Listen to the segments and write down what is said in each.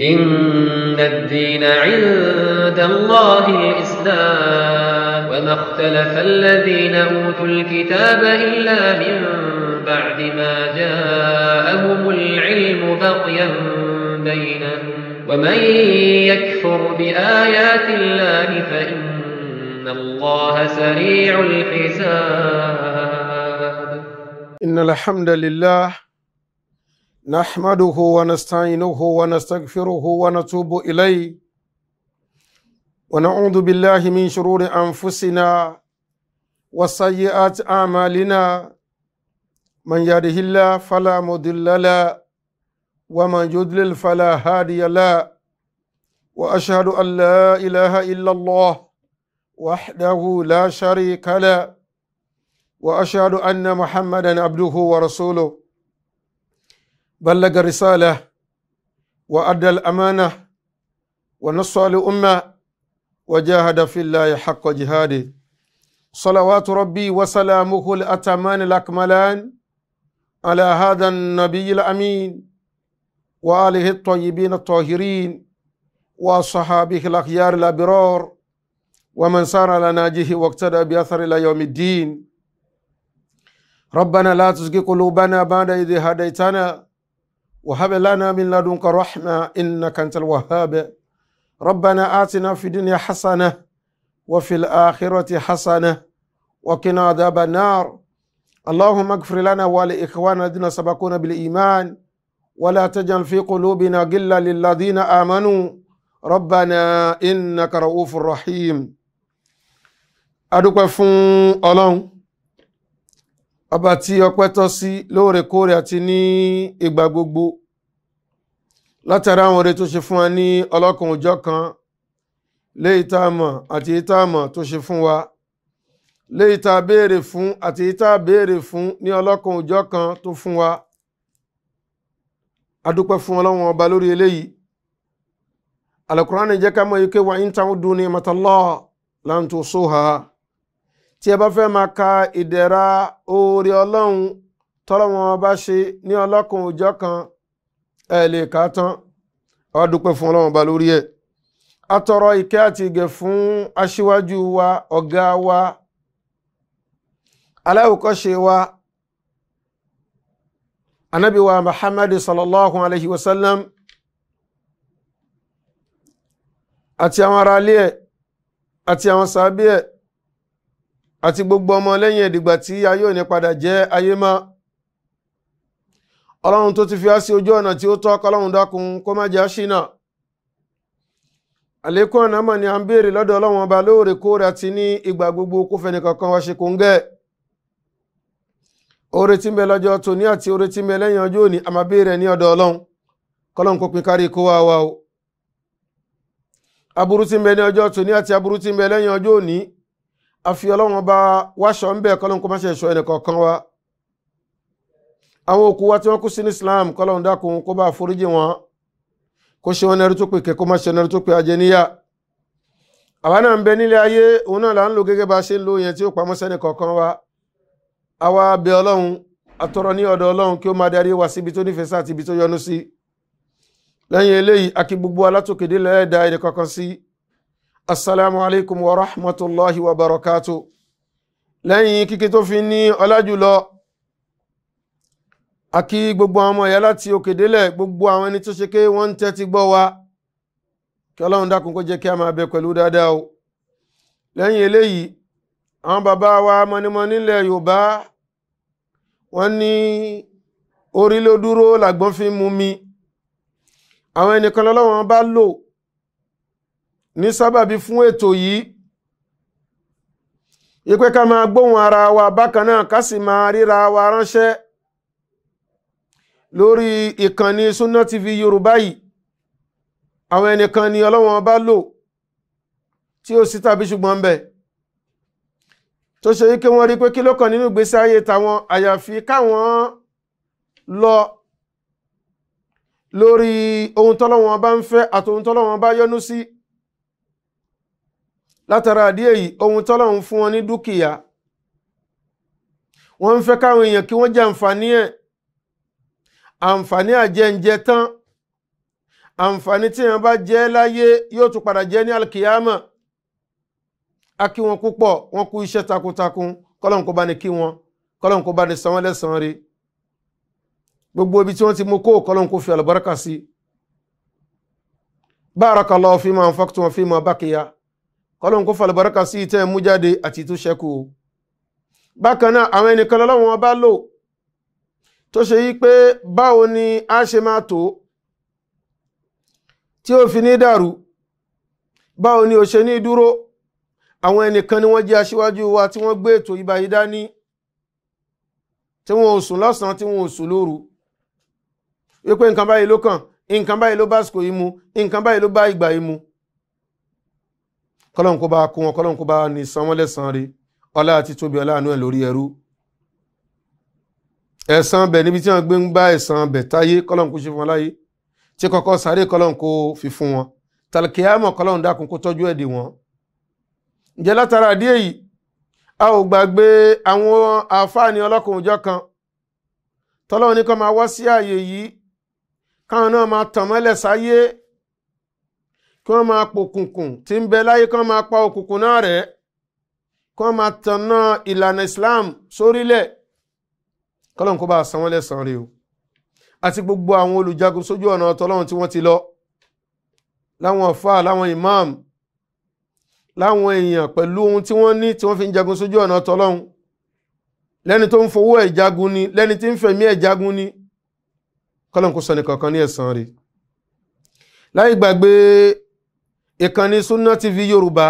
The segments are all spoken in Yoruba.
إن الدين عند الله الإسلام وما اختلف الذين أوتوا الكتاب إلا من بعد ما جاءهم العلم بغيا بينهم ومن يكفر بآيات الله فإن الله سريع الحساب إن الحمد لله نحمده ونستعينه ونستغفره ونتوب إليه ونعوذ بالله من شرور أنفسنا وسيئات أعمالنا من يهده الله فلا مضل له ومن يضلل فلا هادي له وأشهد أن لا إله إلا الله وحده لا شريك له وأشهد أن محمدا عبده ورسوله بلغ الرسالة وأدى الأمانة ونصر الأمة وجاهد في الله حق جهاده صلوات ربي وسلامه الأتمان الأكملان على هذا النبي الأمين وآله الطيبين الطاهرين وصحابه الأخيار الأبرار ومن سار على ناجه واقتدى بأثر إلى يوم الدين ربنا لا تزغ قلوبنا بعد إذ هديتنا وهب لنا من لدنك رحمة إنك أنت الوهاب ربنا آتنا في الدنيا حسنة وفي الآخرة حسنة وقنا عذاب النار اللهم اغفر لنا ولإخواننا الذين سبقونا بالإيمان ولا تجعل في قلوبنا غلا للذين آمنوا ربنا إنك رؤوف رحيم أدوك فون ألون ọba tí ọpẹ́ tọ́ sí lóòrèkóòrè àti ní ìgbà gbogbo látara àwọn oore tó ṣe fún wa ní ọlọ́kan òjọ́ kan léyìí tá a mọ̀ àti èyí tá a mọ̀ tó ṣe fún wa léyìí tá a béèrè fún àti èyí tá a béèrè fún ní ọlọ́kan òjọ́ kan tó fún wa adúpẹ́ fún ọlọ́run ọba lórí eléyìí alukur'an jẹ́ ká mọ̀ yìí pé wa in ta'uddu ni'matallahi lan tusuha tí ẹ bá fẹ́ máa ka ìdẹ̀ra oore ọlọ́run tọ́lọ́wọ́n bá ṣe ní ọlọ́kan òjọ́ kan ẹ lè kà á tán a fún ọlọ́run ọba lórí ẹ̀ atọrọ ìkẹ́ àti ìgẹ̀ fún aṣíwájú wa ọ̀gá wa aláwòkọ́ṣe wa anabi wa muhammad sallallahu alayhi wa sallam àti àwọn aráalé ẹ̀ àti àwọn sàbí ẹ̀ àti gbogbo ọmọ lẹ́yìn ẹ̀dìgbà tí ayé òní padà jẹ́ ayé má ọlọ́run tó ti fi á sí ojú ọ̀nà tí ó tọ́ kọlọ́run dákun kó má jẹ́ ṣìnà àlékún ọ̀nà mọ̀ ni à ń béèrè lọ́dọ̀ ọlọ́run ọba lóòrèkóòrè àti ní ìgbà gbogbo kó fẹ́ nìkankan wá ṣe kó ń gẹ́ oore tí ń bẹ lọ́jọ́ tòní àti oore tí ń bẹ lẹ́yìn ọjọ́ òní àmà béèrè ní ọ̀dọ̀ ọlọ́run kọlọ́run kó pin kárí kó wá wá o aburú tí ń bẹ ní ọjọ́ tòní àti aburú tí ń bẹ lẹ́yìn ọjọ́ òní afi ọlọ́run ọba wáṣọ ń bẹ̀ kọ́lọ́n kó má ṣe ṣọ ẹnìkọ̀ọ̀kan wa àwọn òkú wa tí wọ́n kú sí ní Islam kọ́lọ́n dákun kó bá foríjì wọn kó ṣe wọn ẹrú tó pè kẹ́ kó má ṣe ẹrú tó pè ajé níyà àwa náà ń bẹ nílé ayé òun náà là ń lò gẹ́gẹ́ bá ṣe ń lo yẹn tí ó pamọ́ sẹ́ni kọ̀ọ̀kan wa àwa bẹ ọlọ́run àtọrọ ní ọ̀dọ̀ ọlọ́run kí ó máa wa síbi tó nífẹ̀ẹ́ sáà ibi tó sí lẹ́yìn eléyìí akí gbogbo alátòkèdè lẹ́ẹ̀dá si assalamu alaikum wa rahmatullahi wa barakatuh lẹ́yìn kíkí tó fi ní ọlájùlọ àkí gbogbo àwọn ọmọ ìyá láti òkè délẹ̀ gbogbo àwọn ẹni tó ṣe ké wọ́n ń tẹ́tí gbọ́ wa kí ọlọ́run dákun kó jẹ́ kí a máa bẹ pẹ̀lú dáadáa o lẹ́yìn eléyìí àwọn bàbá wa mọnimọni ilẹ̀ yorùbá wọ́n ní orí dúró làgbọ́n fi mú mi àwọn ẹnìkan lọ́lọ́wọ́n bá lò ní sábàbí fún ètò yìí ipe ká máa gbóhùn ara wa bákan náà ká sì máa ríra wa ránṣẹ́ lórí ìkànnì Sunna TV Yorùbá yìí àwọn ẹnìkan ni ọlọ́wọ́n bá lò tí ó sì tàbí ṣùgbọ́n ń bẹ tó ṣe wípé wọ́n rí pé kí ló kàn nínú ìgbésí ayé tàwọn àyàfi káwọn lọ lórí ohun tọ́lọ́wọ́n bá ń fẹ́ àti tọ́lọ́wọ́n bá yọ́nú sí. Si látara àdíẹ̀ yìí ohun tọ́lọ́run fún wọn ní dúkìá wọ́n ń fẹ́ káwọn èèyàn kí wọ́n jẹ àǹfààní ẹ̀ àǹfààní àjẹǹjẹ tán àǹfààní tí èèyàn bá jẹ láyé yóò tún padà jẹ ní alkiyama a kí wọn púpọ̀ wọn kú iṣẹ́ takuntakun kọ́lọ́n kó bá ní kí wọn kọ́lọ́n kó bá ní san wọ́n lẹ́san rí gbogbo ibi tí wọ́n ti mú kó kọ́lọ́n kó fi àlùbáràkà sí barakallahu fima anfaqtum wa fima baqiya kọ́lọ́n kó falùbáraka sí ìtẹ́ mú jáde àti tó ṣẹ́kù o bákan náà àwọn ẹnìkan lọ́wọ́n bá lò tó ṣe yí pé báwo ni a ṣe máa tó tí ó fi ní dàrú báwo ni ó ṣe ní dúró àwọn ẹnìkan ni wọ́n jẹ́ aṣíwájú wa tí wọ́n gbé ètò ìbá dání tí wọ́n ò sùn lọ́sàn tí wọ́n ò sùn lóru wípé nǹkan báyìí ló kàn nǹkan báyìí ló bá àsìkò yìí mu nǹkan báyìí ló bá ìgbà yìí mu kọ́lọ́n kó bá kó wọn kọ́lọ́n kó bá ní sanwó-lẹ́sàn rí ọlá àti tóbi ọlá àánú ẹ̀ lórí ẹrú ẹ̀san bẹ̀ níbi tí wọ́n gbé ń bá ẹ̀san bẹ̀ táyé kọ́lọ́n kó ṣe fún wọn láyé tí kọ́kọ́ sáré kọ́lọ́n kó fi fún wọn tàlùkìyàmọ̀ kọ́lọ́n dákun kó tọ́jú ẹ̀dì wọn. ǹjẹ́ látara díẹ̀ yìí a ò gbàgbé àwọn àfáàní ọlọ́kùnrin ọjọ́ kan tọ́lọ́run ní kó máa wá kí wọ́n máa pòkùnkùn tí ń bẹ láyé kí wọ́n máa pa òkùnkùn náà rẹ̀ kí wọ́n máa tanná ìlànà Islam sórílẹ̀ kọ́lọ́n kó bá san wọ́n lẹ́sàn-án rẹ̀ o àti gbogbo àwọn olùjagun sójú ọ̀nà ọ̀tọ́lọ́run tí wọ́n ti lọ láwọn ọ̀fà láwọn imam láwọn èèyàn pẹ̀lú ohun tí wọ́n ní tí wọ́n fi ń jagun sójú ọ̀nà ọ̀tọ́lọ́run lẹ́ni tó ń fowó ẹ̀ jagun ni lẹ́ni tí ń fẹ̀mí ẹ̀ jagun ni kọ́lọ́n kó sọ nìkankan ní ẹ̀san rẹ̀ láì gbàgbé ìkànnì ti TV Yorùbá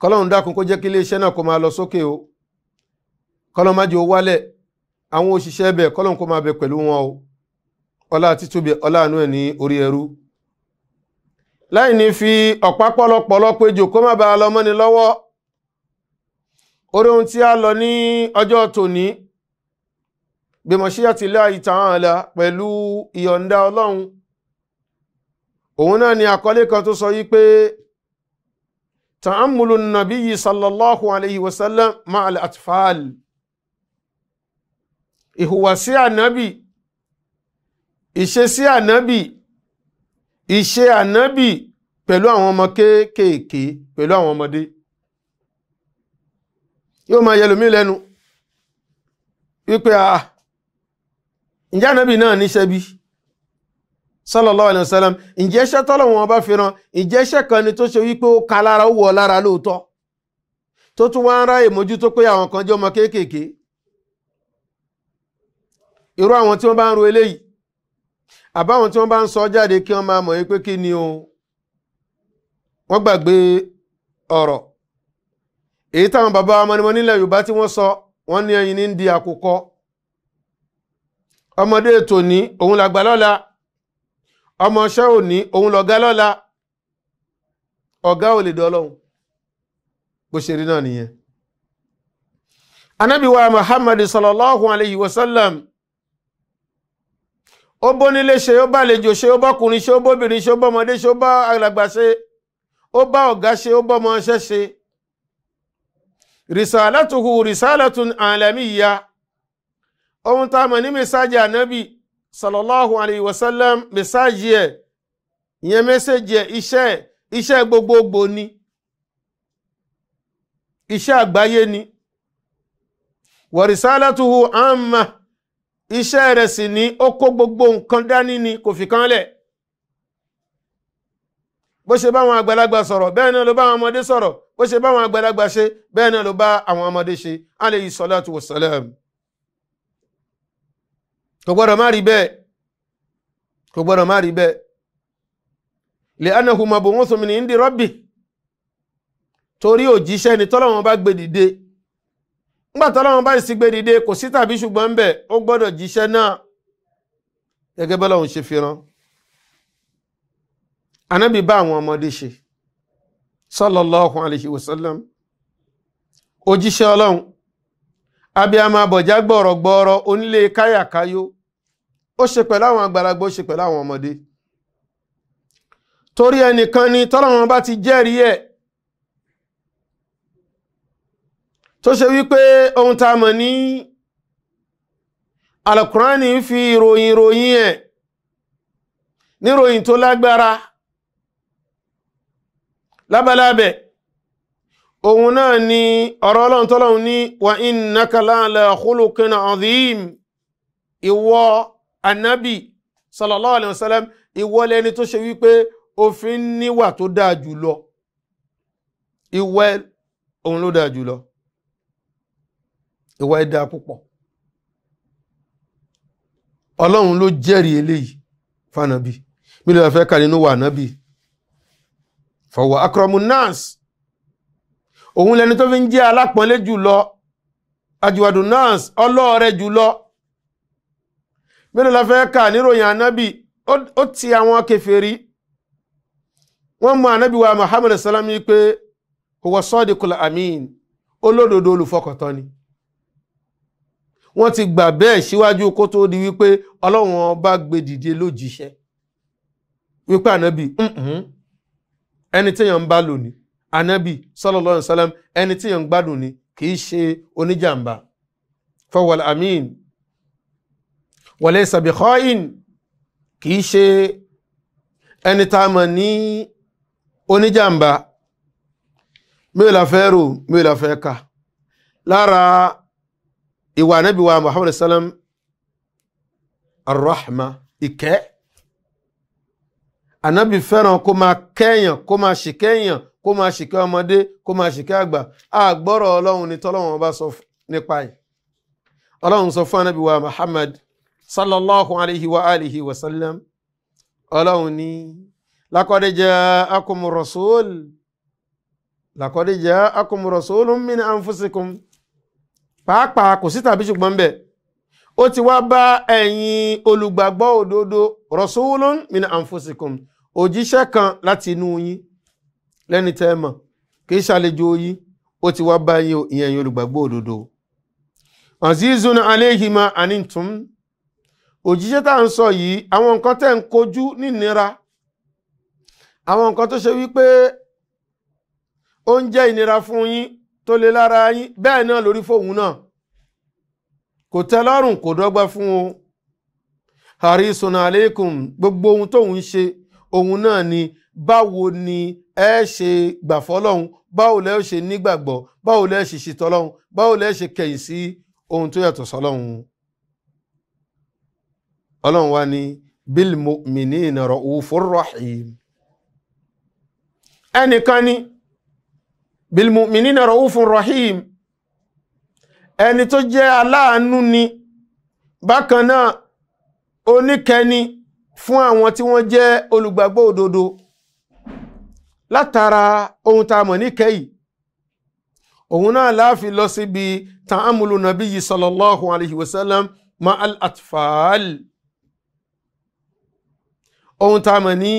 kọ́lọ́run dákun kó jẹ́ kí iléeṣẹ́ náà kó máa lọ sókè o kọ́lọ́run má jẹ́ ó wálẹ̀ àwọn òṣìṣẹ́ bẹ̀ kó máa bẹ pẹ̀lú wọn o ọlá títóbi ọlá àánú ẹ̀ ní orí ẹrú láì ní fi ọ̀pá ohun tí a lọ ní ọjọ́ tòní pẹ̀lú ìyọ̀ǹda òun náà ni àkọlé kan tó sọ yí pé nabi nabiyyi sallallahu alayhi wa sallam ma'al atfal nabi ànábì siya ànábì ìṣe ànábì pẹ̀lú àwọn ọmọ kéékèèké pẹ̀lú àwọn ọmọdé yóò máa yẹlòmí lẹ́nu wípé àà ah, ǹjẹ́ ànábì náà níṣẹ́ bi. sallallahu alayhi wa sallam ǹjẹ́ iṣẹ́ tọ́lọ́wọ́n bá fi ràn ǹjẹ́ iṣẹ́ kan ni tó ṣe wípé ó ka lára ó wọ̀ lára lóòótọ́ tó tún wá ń ráyè mójútó pé àwọn kan jẹ́ ọmọ kéékèèké irú àwọn tí wọ́n bá ń ro eléyìí àbáwọn tí wọ́n bá ń sọ jáde kí wọ́n máa mọ̀ pé kí ni o wọ́n gbàgbé ọ̀rọ̀ èyí táwọn bàbá amọ́nimọ́ nílẹ̀ Yorùbá tí wọ́n sọ wọ́n ní ẹyin ní ń di àkùkọ ọmọdé tòní òun làgbà lọ́la ọmọọṣẹ́ ò ní òun lọ̀gá lọ́la ọ̀gá ò lè dọ́lọ́hun bó ṣe rí náà nìyẹn anábìwá muhammad sallallahu alayhi wa sallam ó bónílé ṣe ó bá lejò ṣe ó bọ́kùnrin ṣe ó bóbìnrin ṣe ó bọ́mọdé ṣe ó bá àgbàgbà ṣe ó bá ọ̀gá ṣe ó ṣe sallallahu alayhi wa sallam mẹ́sáàjì ẹ̀ ìyẹn mẹ́sẹ̀jì ẹ̀ iṣẹ́ ẹ̀ iṣẹ́ gbogbogbò ni iṣẹ́ àgbáyé ni wàrísálàtúhù àmà iṣẹ́ rẹ̀ sì ní ó kó gbogbo nǹkan dání ni kò fi kan lẹ̀ bó ṣe báwọn àgbàlagbà sọ̀rọ̀ bẹ́ẹ̀ náà ló bá àwọn ọmọdé sọ̀rọ̀ bó ṣe báwọn àgbàlagbà ṣe bẹ́ẹ̀ náà ló bá àwọn ọmọdé ṣe alayhi salatu wassalam kò gbọ́dọ̀ má rí bẹ́ẹ̀ kò gbọ́dọ̀ má rí bẹ́ẹ̀ li'annahu mab'uthun min indi rabbi torí òjíṣẹ́ ni tọ́lọ́wọ́n bá gbé dìde ńgbà tọ́lọ́wọ́n bá sì gbé dìde kò sí tàbí ṣùgbọ́n ń bẹ̀ ó gbọ́dọ̀ jíṣẹ́ náà gẹ́gẹ́ bọ́lá òun ṣe fìran anábì bá àwọn ọmọdé ṣe sallallahu alaihi wasallam òjíṣẹ́ ọlọ́run abiyamọ abọ̀já gbọ̀rọ̀ gbọ̀rọ̀ onílé káyàkáyó ó ṣe pẹ̀lú àwọn àgbàlagbà ó ṣe pẹ̀lú àwọn ọmọdé torí ẹnìkan ni tọ́lọ́wọ́n bá ti jẹ́rìí ẹ̀ tó ṣe wípé ohun tá mọ̀ ní alukurani fi ìròyìn ìròyìn ẹ̀ níròyìn tó lágbára lábalábẹ̀ òun náà ni ọ̀rọ̀ ọlọ́run tọ́lọ́run ní wa innaka la'ala khuluqin azim ìwọ anabi sallallahu alayhi wa sallam ìwọ lẹni tó ṣe wípé òfin níwà tó dáa jùlọ ìwọ òun ló dáa jùlọ ìwọ ẹ dáa púpọ̀ ọlọ́run ló jẹ́rìí eléyìí fanabi mílíọ̀nù fẹ́ kà nínú wà nábì fahuwa akramun nas òun lẹni tó fi ń jẹ́ alápọ̀nlé jùlọ ajuwadu nas ọlọ́ọ̀rẹ jùlọ mélòó la fẹ́ kà níròyìn anábì ó ti àwọn kèfèrí wọ́n mú anábì wa muhammad salam yìí pé huwa sadiqul amin olódodo olùfọkàntán ni wọ́n ti gbà bẹ́ẹ̀ síwájú kó tó di wípé ọlọ́run ọba gbé dìde lójíṣẹ́ wípé ànábì ẹni téèyàn ń bá lò anabi sallallahu alayhi wa sallam ẹni tí yẹn ń gbádùn ni kì í ṣe oníjàmbá fọwọ́l amin wọlé sàbíkọ́ìn kì í ṣe ẹni tá a mọ̀ ní oníjàmbá mẹ́wàá la lára ìwà anabi wa muhammad sallam arahma ike anabi fẹ́ràn kó máa kẹ́yàn kó máa ṣìkẹ́yàn kó máa ṣìkẹ́ ọmọdé kó máa ṣìkẹ́ àgbà àgbọ́rọ̀ ọlọ́run ni tọ́lọ́run ọba sọ nípa ẹ̀ ọlọ́run sọ fún anábì wa muhammad sallallahu alayhi wa alihi wa sallam ọlọ́run ni laqad ja'akum rasul laqad ja'akum rasulun min anfusikum pàápàá kò sí tàbí ṣùgbọ́n bẹ́ẹ̀ ó ti wá bá ẹ̀yin olùgbàgbọ́ òdodo rasulun min anfusikum òjíṣẹ́ kan láti inú yín lẹ́ni tẹ́ ẹ mọ̀ kì í ṣàlejò yìí ó ti wá báyìí ìyẹn ẹ̀yin olùgbàgbọ́ òdodo azizun aléhìmá anintum òjíṣẹ́ tá à ń sọ yìí àwọn nǹkan tẹ́ ń kojú nínira àwọn nǹkan tó ṣe wípé ó ń jẹ́ ìnira fún yín tó le lára yín bẹ́ẹ̀ náà lórí fóun náà kò tẹ́ lọ́rùn kò dọ́gba fún o harisun aleikum gbogbo ohun tóun ṣe òun náà ni báwo ni ẹ ṣe gbà fọlọ́hún báwo lẹ ṣe nígbàgbọ́ báwo lẹ ṣe ṣètọ́lọ́hún báwo lẹ ṣe kẹ̀yìn sí ohun tó yàtọ̀ sọlọ́hún. ọlọ́run wa ni bil mu'minina ra'ufur rahim. ẹnìkan ni bil mu'minina ra'ufur rahim ẹni tó jẹ́ aláàánú ni bákan náà oníkẹni fún àwọn tí wọ́n jẹ́ olùgbàgbọ́ òdodo látara ohun tá a mọ̀ níkẹyìí òun náà láàfi lọ síbi ta'amulu nabiyyi sallallahu alayhi wa sallam ma al-atfal ohun tá a mọ̀ ní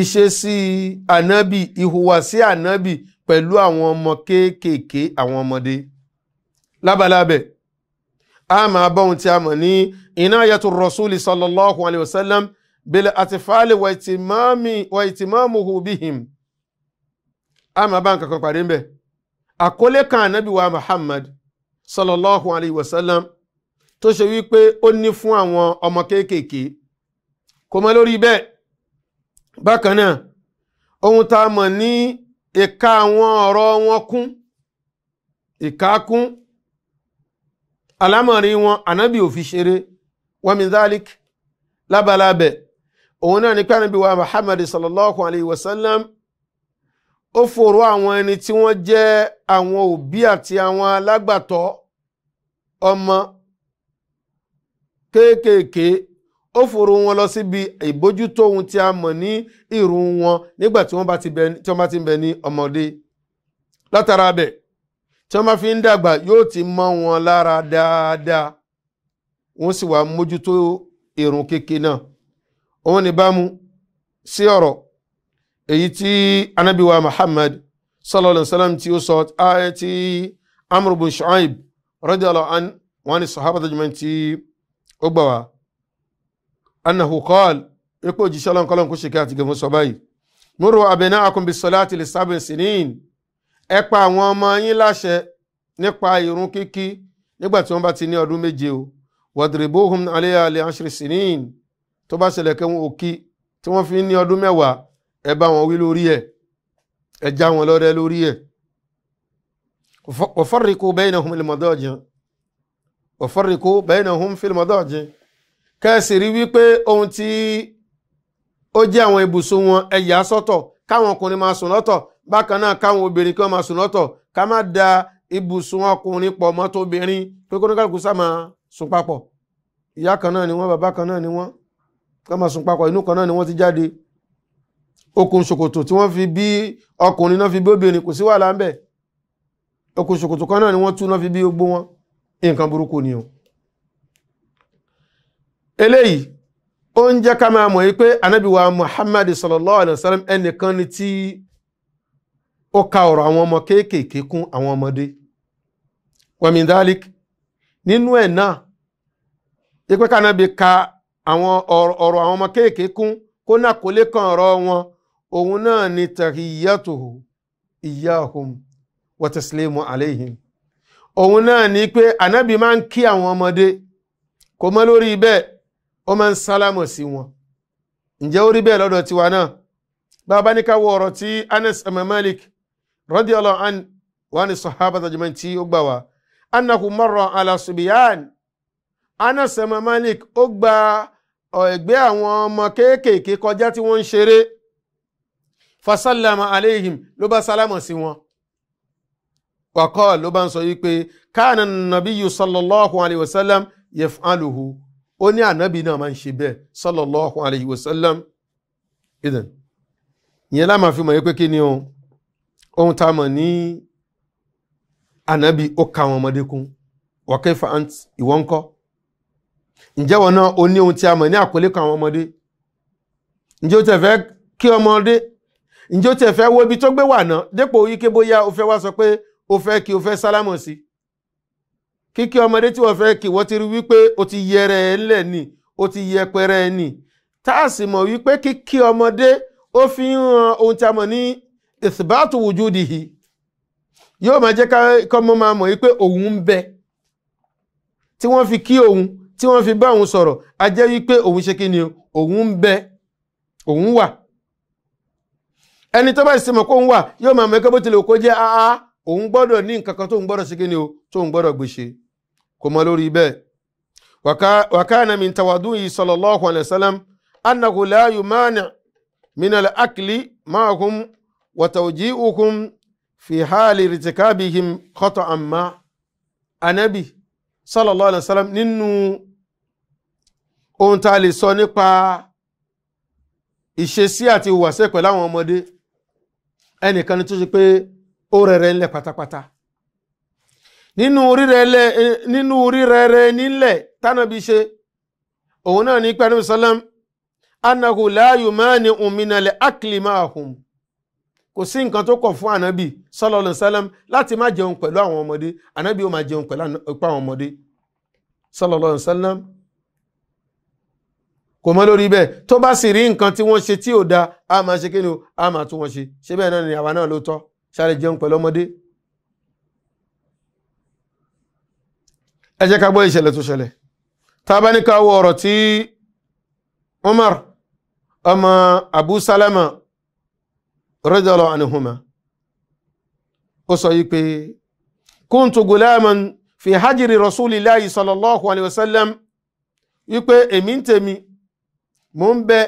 ìṣesí ànábì ìhùwàsí ànábì pẹ̀lú àwọn ọmọ kéékèèké àwọn ọmọdé lábalábẹ̀ a máa bọ́ ohun tí a mọ̀ ní inayatu rasuli sallallahu alayhi wa sallam bẹ̀lẹ̀ àtìfàálẹ̀ wà ìtìmọ́mùhù bíhìm a máa bá nǹkan kan parí ń bẹ̀ kan ànábì wa Muhammad sallallahu alayhi wa sallam tó ṣe wípé ó ní fún àwọn ọmọ kéékèèké kò mọ lórí bẹ́ẹ̀ bákan náà ohun tá a mọ̀ ní ìka àwọn ọ̀rọ̀ wọn kún ìkákún alámọ̀rí wọn ànábì ò fi ṣeré wa min dhalik lábalábẹ̀ òun náà ní pé ànábì wa muhammad sallallahu alayhi wa sallam ó fòrò àwọn ẹni tí wọ́n jẹ́ àwọn òbí àti àwọn alágbàtọ́ ọmọ kéékèèké ó fòrò wọn lọ síbi ìbójútó ohun tí a mọ̀ ní ìrun wọn nígbà tí wọ́n bá ti bẹ ní ọmọdé látara bẹ̀ tí wọ́n bá fi ń dàgbà yóò ti mọ́ wọn lára dáadáa wọ́n sì wá mójútó ìrun kéke náà òun ní bámu sí ọ̀rọ̀ èyí tí anábìwá Muhammad sallallahu alayhi wa sallam tí ó sọ tí Amr bin Shu'aib radiyallahu an wọn ni sahaba dajumẹ tí ó gbà wá annahu qala ipò òjíṣẹ́ ọlọ́run kọ́lọ́n kó ṣe kí àti gẹ̀mọ́ sọ báyìí múrò àbẹ̀nà àkùnbí sọláàtì lè sábẹ̀ sinin ẹ pa àwọn ọmọ yín láṣẹ nípa ìrun kíkí nígbà tí wọ́n bá ti ní ọdún méje o wàdìrìbóhùn aléyà lè àṣírí sinin tó bá ṣẹlẹ̀ kẹ́ wọn ò kí tí wọ́n fi ń ní ọdún mẹ́wàá ẹ bá wọn wí lórí ẹ̀ ẹ já wọn lọ́rẹ́ lórí ẹ̀ ọ̀fọ́rìkú bainahum fil madajin ọ̀fọ́rìkú bainahum fil madajin kẹ́sì rí wípé ohun tí ó jẹ́ àwọn ibùsùn wọn ẹ sọ́tọ̀ káwọn ọkùnrin máa sùn lọ́tọ̀ bákan náà káwọn obìnrin kí wọ́n máa sùn lọ́tọ̀ ká má da ibùsùn ọkùnrin pọ̀ mọ́ tóbìnrin pé kóníkàlùkù sá máa sùn papọ̀ ìyá kan náà ni wọ́n bàbá kan náà ni wọ́n tó máa sùn papọ̀ inú kan náà ni wọ́n ti jáde okùn ṣòkòtò tí wọ́n fi bí ọkùnrin náà fi bí obìnrin kò sí wàhálà ń bẹ̀ okùn ṣòkòtò kan náà ni wọ́n tú náà fi bí gbogbo wọn nǹkan burúkú ni o eléyìí ó ń jẹ́ ká máa mọ̀ yí pé anábìwá Muhammad sallallahu alayhi wa sallam ẹnìkan ni tí ó ka ọ̀rọ̀ àwọn ọmọ kéékèèké kún àwọn ọmọdé wa nínú ẹ̀ náà yí pé kánábì ka àwọn ọ̀rọ̀ àwọn ọmọ kún kó náà kò lè kan ọ̀rọ̀ wọn òun náà ni wa taslimu alayhim òun náà ni pé ànábì máa ń kí àwọn ọmọdé kò mọ́ lórí bẹ́ẹ̀ ó máa ń sálámọ̀ sí wọn ǹjẹ́ ó rí bẹ́ẹ̀ lọ́dọ̀ tiwa náà bàbá ní ká wo ọ̀rọ̀ tí Anas Malik an tí ó ẹgbẹ́ àwọn ọmọ kéékèèké kọjá tí wọ́n ń ṣeré fasalama aleihim ló bá sálámọ̀ sí wọn wakọ́ ló bá ń sọ yí pé káàna nàbíyù sallallahu alayhi wa sallam yaf'aluhu ó ní ànábì náà máa ń ṣe bẹ́ẹ̀ sallallahu alayhi wa sallam idan ìyẹn láàmà fi mọ̀ yí pé kí ni o ohun tá a mọ̀ ní ànábì ó ka àwọn ọmọdé kún wa kayfa ìwọ́n kọ́ ǹjẹ́ wọn náà o ní ohun tí a mọ̀ ní àkọlé kan àwọn ọmọdé ǹjẹ́ o tẹ̀ fẹ́ kí ọmọdé ǹjẹ́ o tẹ̀ fẹ́ wo ibi tó gbé wà náà dépò ike bóyá o fẹ́ wá sọ pé o fẹ́ kí o fẹ́ sálámọ̀ sí kíkí ọmọdé tí wọ́n fẹ́ kí wọ́n ti rí wípé o ti yẹrẹ ẹ̀ ńlẹ̀ ni o ti yẹpẹrẹ ẹ̀ ni tá a sì mọ̀ wípé kíkí ọmọdé ó fi ń han ohun tí a mọ̀ ní ìsìbáàtù wujudihi yóò máa jẹ́ ká kọ́mọ́ máa mọ̀ wípé òun ń bẹ tí wọ́n fi kí òun tí wọ́n fi bá òun sọ̀rọ̀ a jẹ́ wípé òun ṣe kí ni òun ń bẹ òun wà ẹni tó bá sì mọ̀ kó ń wà yóò máa mẹ́kẹ́ bó tilẹ̀ kó jẹ́ áá òun gbọ́dọ̀ ní nǹkan kan tóun gbọ́dọ̀ ṣe kí ni o tóun gbọ́dọ̀ gbèsè kò mọ lórí bẹ́ẹ̀ wàkàna min tawadu yìí sallallahu alayhi wa sallam annahu la yumani min al-akli ma'ahum wa fi hali ritikabihim khata'an ma anabi sallallahu alayhi wa sallam nínú ohun tá lè sọ nípa ìṣesí àti ìhùwàsẹ́ pẹ̀lú àwọn ọmọdé ẹnìkan ni tó ṣe pé ó rẹ̀rẹ̀ ńlẹ̀ pátápátá nínú rírẹ̀rẹ̀ nílẹ̀ tánàbí ṣe òun náà ní pẹ̀lú sọ́lám annahu la yumani'u minal akli ma'ahum kò sí nǹkan tó kọ̀ fún ànábì sallallahu alaihi láti má jẹun pẹ̀lú àwọn kò mọ lórí bẹ́ẹ̀ tó bá sì rí nǹkan tí wọ́n ṣe tí ò da a máa ṣe kí ni o a máa tún wọn ṣe ṣé bẹ́ẹ̀ náà ni àwa náà ló tọ́ sáré jẹun pẹ̀lú ọmọdé. ẹ jẹ́ ká gbọ́ ìṣẹ̀lẹ̀ tó ṣẹlẹ̀ tá a bá ní ká wo ọ̀rọ̀ tí Umar ọmọ Abu Salama radiyallahu anhuma ó sọ yìí pé kuntu gulaman fi hajiri rasulillahi sallallahu alayhi wa sallam wípé èmi ń tèmi mò ń bẹ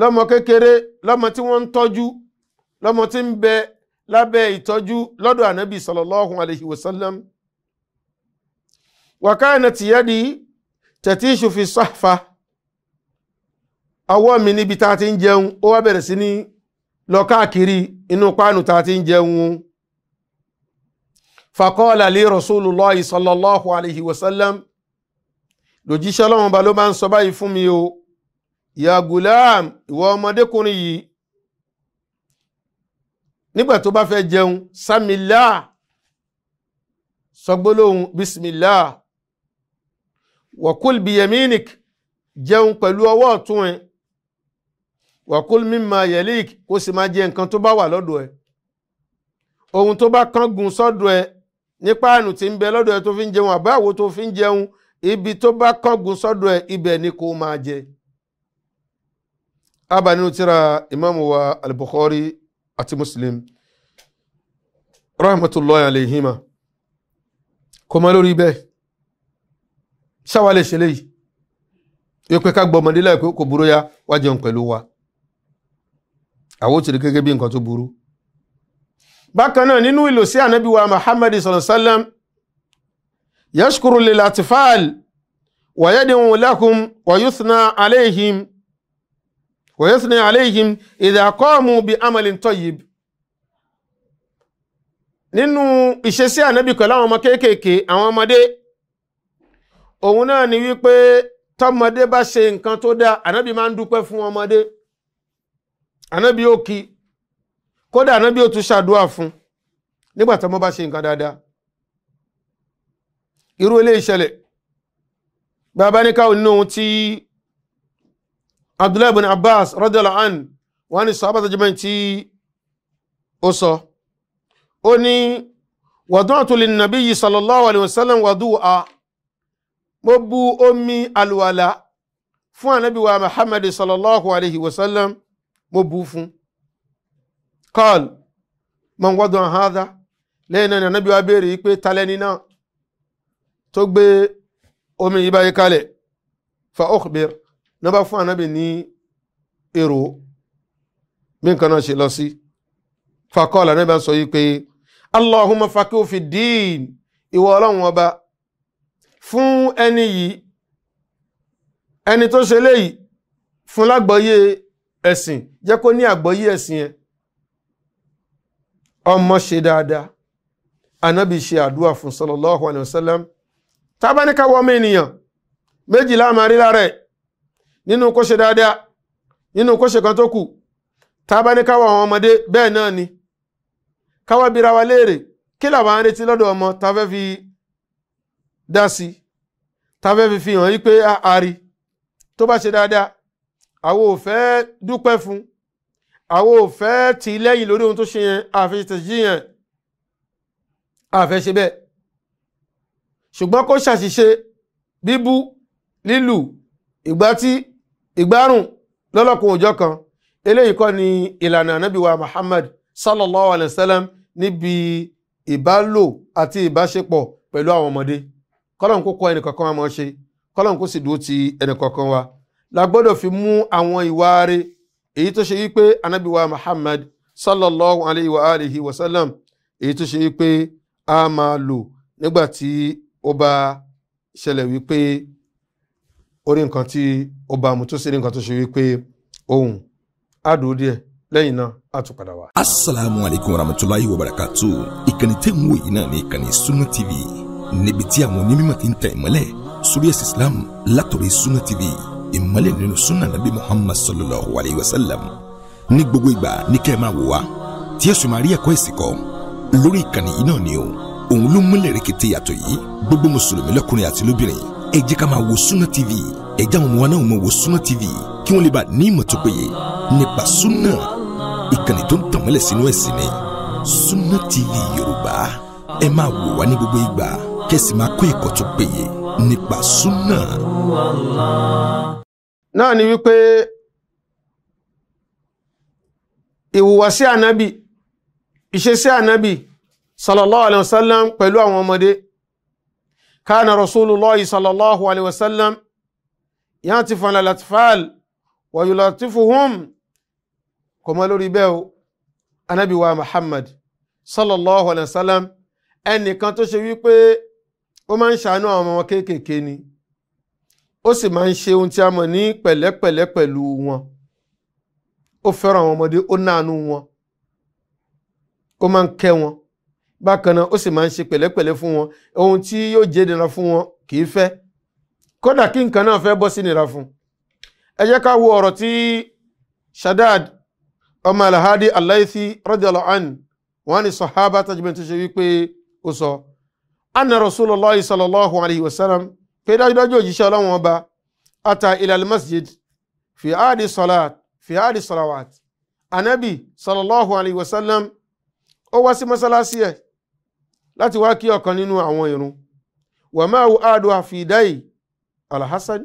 lọ́mọ kékeré lọ́mọ tí wọ́n ń tọ́jú lọ́mọ tí ń bẹ lábẹ́ ìtọ́jú lọ́dọ̀ ànábì sallallahu alayhi wasallam, sallam wa kanat yadi tatishu fi sahfa ọwọ́ mi níbi tá a ti ń jẹun ó wá bẹ̀rẹ̀ sí ní lọ káàkiri inú páànù tá a ti ń jẹun faqala li rasulullahi sallallahu alayhi wasallam, sallam lòjíṣẹ́ lọ́wọ́n ba ló máa ń sọ báyìí fún mi o ya gulam ìwọ ọmọdékùnrin yìí nígbà tó bá fẹ́ jẹun samila sọgbólóhùn bismillah wakul biyaminik jẹun pẹ̀lú ọwọ́ ọ̀tún ẹ wakul mimma yelik kó sì máa jẹ nǹkan tó bá wà lọ́dọ̀ ẹ ohun tó bá kángun sọ́dọ̀ ẹ nípa àánú tí ń bẹ lọ́dọ̀ ẹ tó fi ń jẹun àbáwò tó fi ń jẹun ibi tó bá kángun sọ́dọ̀ ẹ ibẹ̀ ni kó máa jẹ abà nínú tíra imaamu wa al-Bukhari àti Muslim rahmatulahi alayhima kò mọ lórí bẹ́ẹ̀ ṣáwa lè ṣe léyìí yóò pé ká gbọ́ ọmọdé láìpẹ́ kò burú ya wá jẹun pẹ̀lú wa àwọn ò ti rí gẹ́gẹ́ bí nǹkan tó burú. bákan náà nínú ìlò sí ànábì wa Muhammad sallam yashkuru lil atfal wa yad'u alayhim. ويثني عليهم إذا قاموا بعمل طيب nínú ìṣesí ànábì pẹ̀lú àwọn ọmọ kéékèèké àwọn ọmọdé òun náà ni wípé tọmọdé bá ṣe nǹkan tó dáa ànábì máa ń dúpẹ́ fún ọmọdé ànábì ó kí kódà ànábì ó nigbata ṣàdúrà fún nígbà tí ọmọ bá ṣe nǹkan dáadáa irú ilé ìṣẹ̀lẹ̀ bàbá abdullahi bin abbas radiyallahu an wọ́n ní sọ́ọ́bà tó jẹ́mọ́ tí ó sọ ó ní wadu'tu lin nabiyyi sallallahu alayhi wa sallam wadu'a mo bu omi alwala fún ànábì wa muhammad sallallahu alayhi wa sallam mo bu fún qal man wadu'a hadha lẹ́yìn náà ni ànábì wa béèrè pé talẹ́ni náà tó gbé omi ìbáyé kalẹ̀ fa ukhbir náà bá fún ànábì ní èrò bí nǹkan náà ṣe lọ sí fakọ́ọ̀lù ànábì sọ yìí pé allahumma faqihu fi dín ìwọ ọlọ́run ọba fún ẹni yìí ẹni tó ṣe léyìí fún lágbọ́yé ẹ̀sìn jẹ́ kó ní àgbọ́yé ẹ̀sìn ẹ̀ ọmọ ṣe dáadáa ànábì ṣe àdúrà fún sallallahu alayhi wa tábánikà wọ́n mẹ́niyàn méjìlá àmàrí lára ẹ̀ nínú kó ṣe dáadáa nínú kó ṣe kan tó kù tá ní káwọ àwọn ọmọdé bẹ́ẹ̀ náà ni káwọ bira wa léèrè kí làwọn á retí lọ́dọ̀ ọmọ tá a fẹ́ fi dá sí tá a fẹ́ fi fi hàn yí pé a rí tó bá ṣe dáadáa àwọn ò fẹ́ dúpẹ́ fún àwọn ò fẹ́ tì í lẹ́yìn lórí ohun tó ṣe yẹn àfi yẹn àfẹ́ ṣe bẹ́ẹ̀ kó ṣàṣìṣe bíbú lílù ìgbátí ìgbárùn lọ́lọ́kùn òjọ́ kan eléyìí kọ́ ni ìlànà ànábì Muhammad sallallahu alaihi wasallam sallam níbi ìbálò àti ìbáṣepọ̀ pẹ̀lú àwọn ọmọdé kọ́lọ́n kó kọ́ ẹnìkọ̀ọ̀kan wa mọ́ ṣe kó sì dúró ti ẹnìkọ̀ọ̀kan wa la gbọ́dọ̀ fi mú àwọn ìwà rẹ̀ èyí tó ṣe wípé ànábì Muhammad sallallahu alaihi wasallam alihi wa sallam èyí tó ṣe wípé a máa lò nígbà tí ó bá ṣẹlẹ̀ wípé orí nǹkan tí ó bá mu tó sì rí nǹkan tó ṣe wípé ohun á dúró díẹ̀ náà a wá. asalaamu alaykum wa rahmatulahi wa barakatu ìkànnì tẹ́ ń wò yìí náà ní ìkànnì Sunna TV níbi tí àwọn onímọ̀ ti ń tẹ̀ ìmọ́lẹ̀ sórí Islam látọ̀rọ̀ suna TV ìmọ́lẹ̀ nínú suna nabi Muhammad sallallahu alayhi wa sallam ní gbogbo ìgbà ní kẹ́ ẹ máa wò wá tí ẹ sì máa rí ẹ̀kọ́ ẹ̀sìn lórí ìkànnì yìí náà ni o òun ló múlẹ̀ rẹ̀kẹ̀tẹ̀ yàtọ̀ yìí gbogbo mùsùlùmí lọ́kùnrin àti lóbìnrin ẹ jẹ́ ká máa wo Sunna TV ẹ jẹ́ àwọn ọmọ náà máa wo Sunna TV kí wọ́n lè bá ní ìmọ̀ tó péye nípa Sunna ìkànnì tó ń tànmọ́lẹ̀ sínú ẹ̀sìn ni Sunna TV Yorùbá ẹ máa wò wá ní gbogbo ìgbà kẹ́sì máa kó ẹ̀kọ́ tó péye nípa Sunna. náà ni wípé ìhùwàsí ànábì ìṣesí ànábì sallallahu alaihi wasallam pẹ̀lú àwọn ọmọdé كان رسول الله صلى الله عليه وسلم يهتف على الأطفال ويلطفهم كما لوري بيو Ànábì wa Muhammad sallallahu alayhi wa sallam ẹnìkan tó ṣe wípé ó máa ń ṣàánú àwọn ọmọ kéékèèké ni ó sì máa ń ṣe ohun tí a mọ̀ ní pẹ̀lẹ́pẹ̀lẹ́ pẹ̀lú wọn ó fẹ́ràn àwọn ọmọdé ó náànú wọn ó máa ń kẹ́ wọn bákan náà ó sì máa ń ṣe pẹ̀lẹ́pẹ̀lẹ́ fún wọn ohun tí yóò jẹ́ nira fún wọn kì í fẹ́ kódà kí nǹkan náà fẹ́ bọ́ sí nira fún ẹ jẹ́ ká wo ọ̀rọ̀ tí Shaddad ọmọ Al-Hadi Al-Laythi radiyallahu anhu wọn ni sọ̀hábà tajúbẹ̀ tó ṣe wípé ó sọ anna Rasulullah sallallahu alayhi wa sallam pé dájúdájú òjíṣẹ́ ọlọ́wọ́n ọba ata ilal masjid fi adi salat fi adi salawat anabi sallallahu alayhi wa sallam ó wá sí masalasi ẹ̀ láti wá kí ọ̀kan nínú àwọn irun wà máa wo àdó àfìdáì alhassan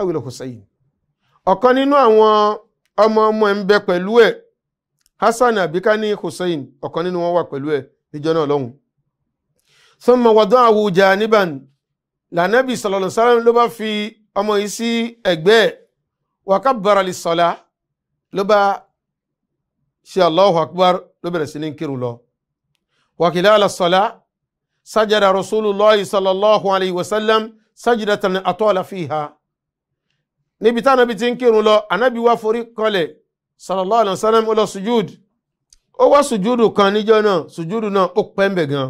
awil hussein ọ̀kan nínú àwọn ọmọ ọmọ ẹ̀ ń bẹ pẹ̀lú ẹ̀ hassan abika ní hussein ọ̀kan nínú wọn wà pẹ̀lú ẹ̀ níjọ́ náà lọ́hùn sọmọ wàdán àwùjá níbàn lànàbì sallallahu alaihi wasallam ló bá fi ọmọ yìí sí ẹ̀gbẹ́ ẹ̀ wàkà barali sọlá ló bá ṣe Allahu akbar ló bẹ̀rẹ̀ sí ní kírun lọ. وخلال الصلاة سجد رسول الله صلى الله عليه وسلم سجدة أطال فيها níbi tá anabi ti ń kírun lọ anabi wá forí kọlẹ̀ sallallahu alayhi wa sallam ó lọ sujúd ó wá sujúdù kan níjọ́ náà sujúdù náà ó pẹ́ńbẹ̀ gan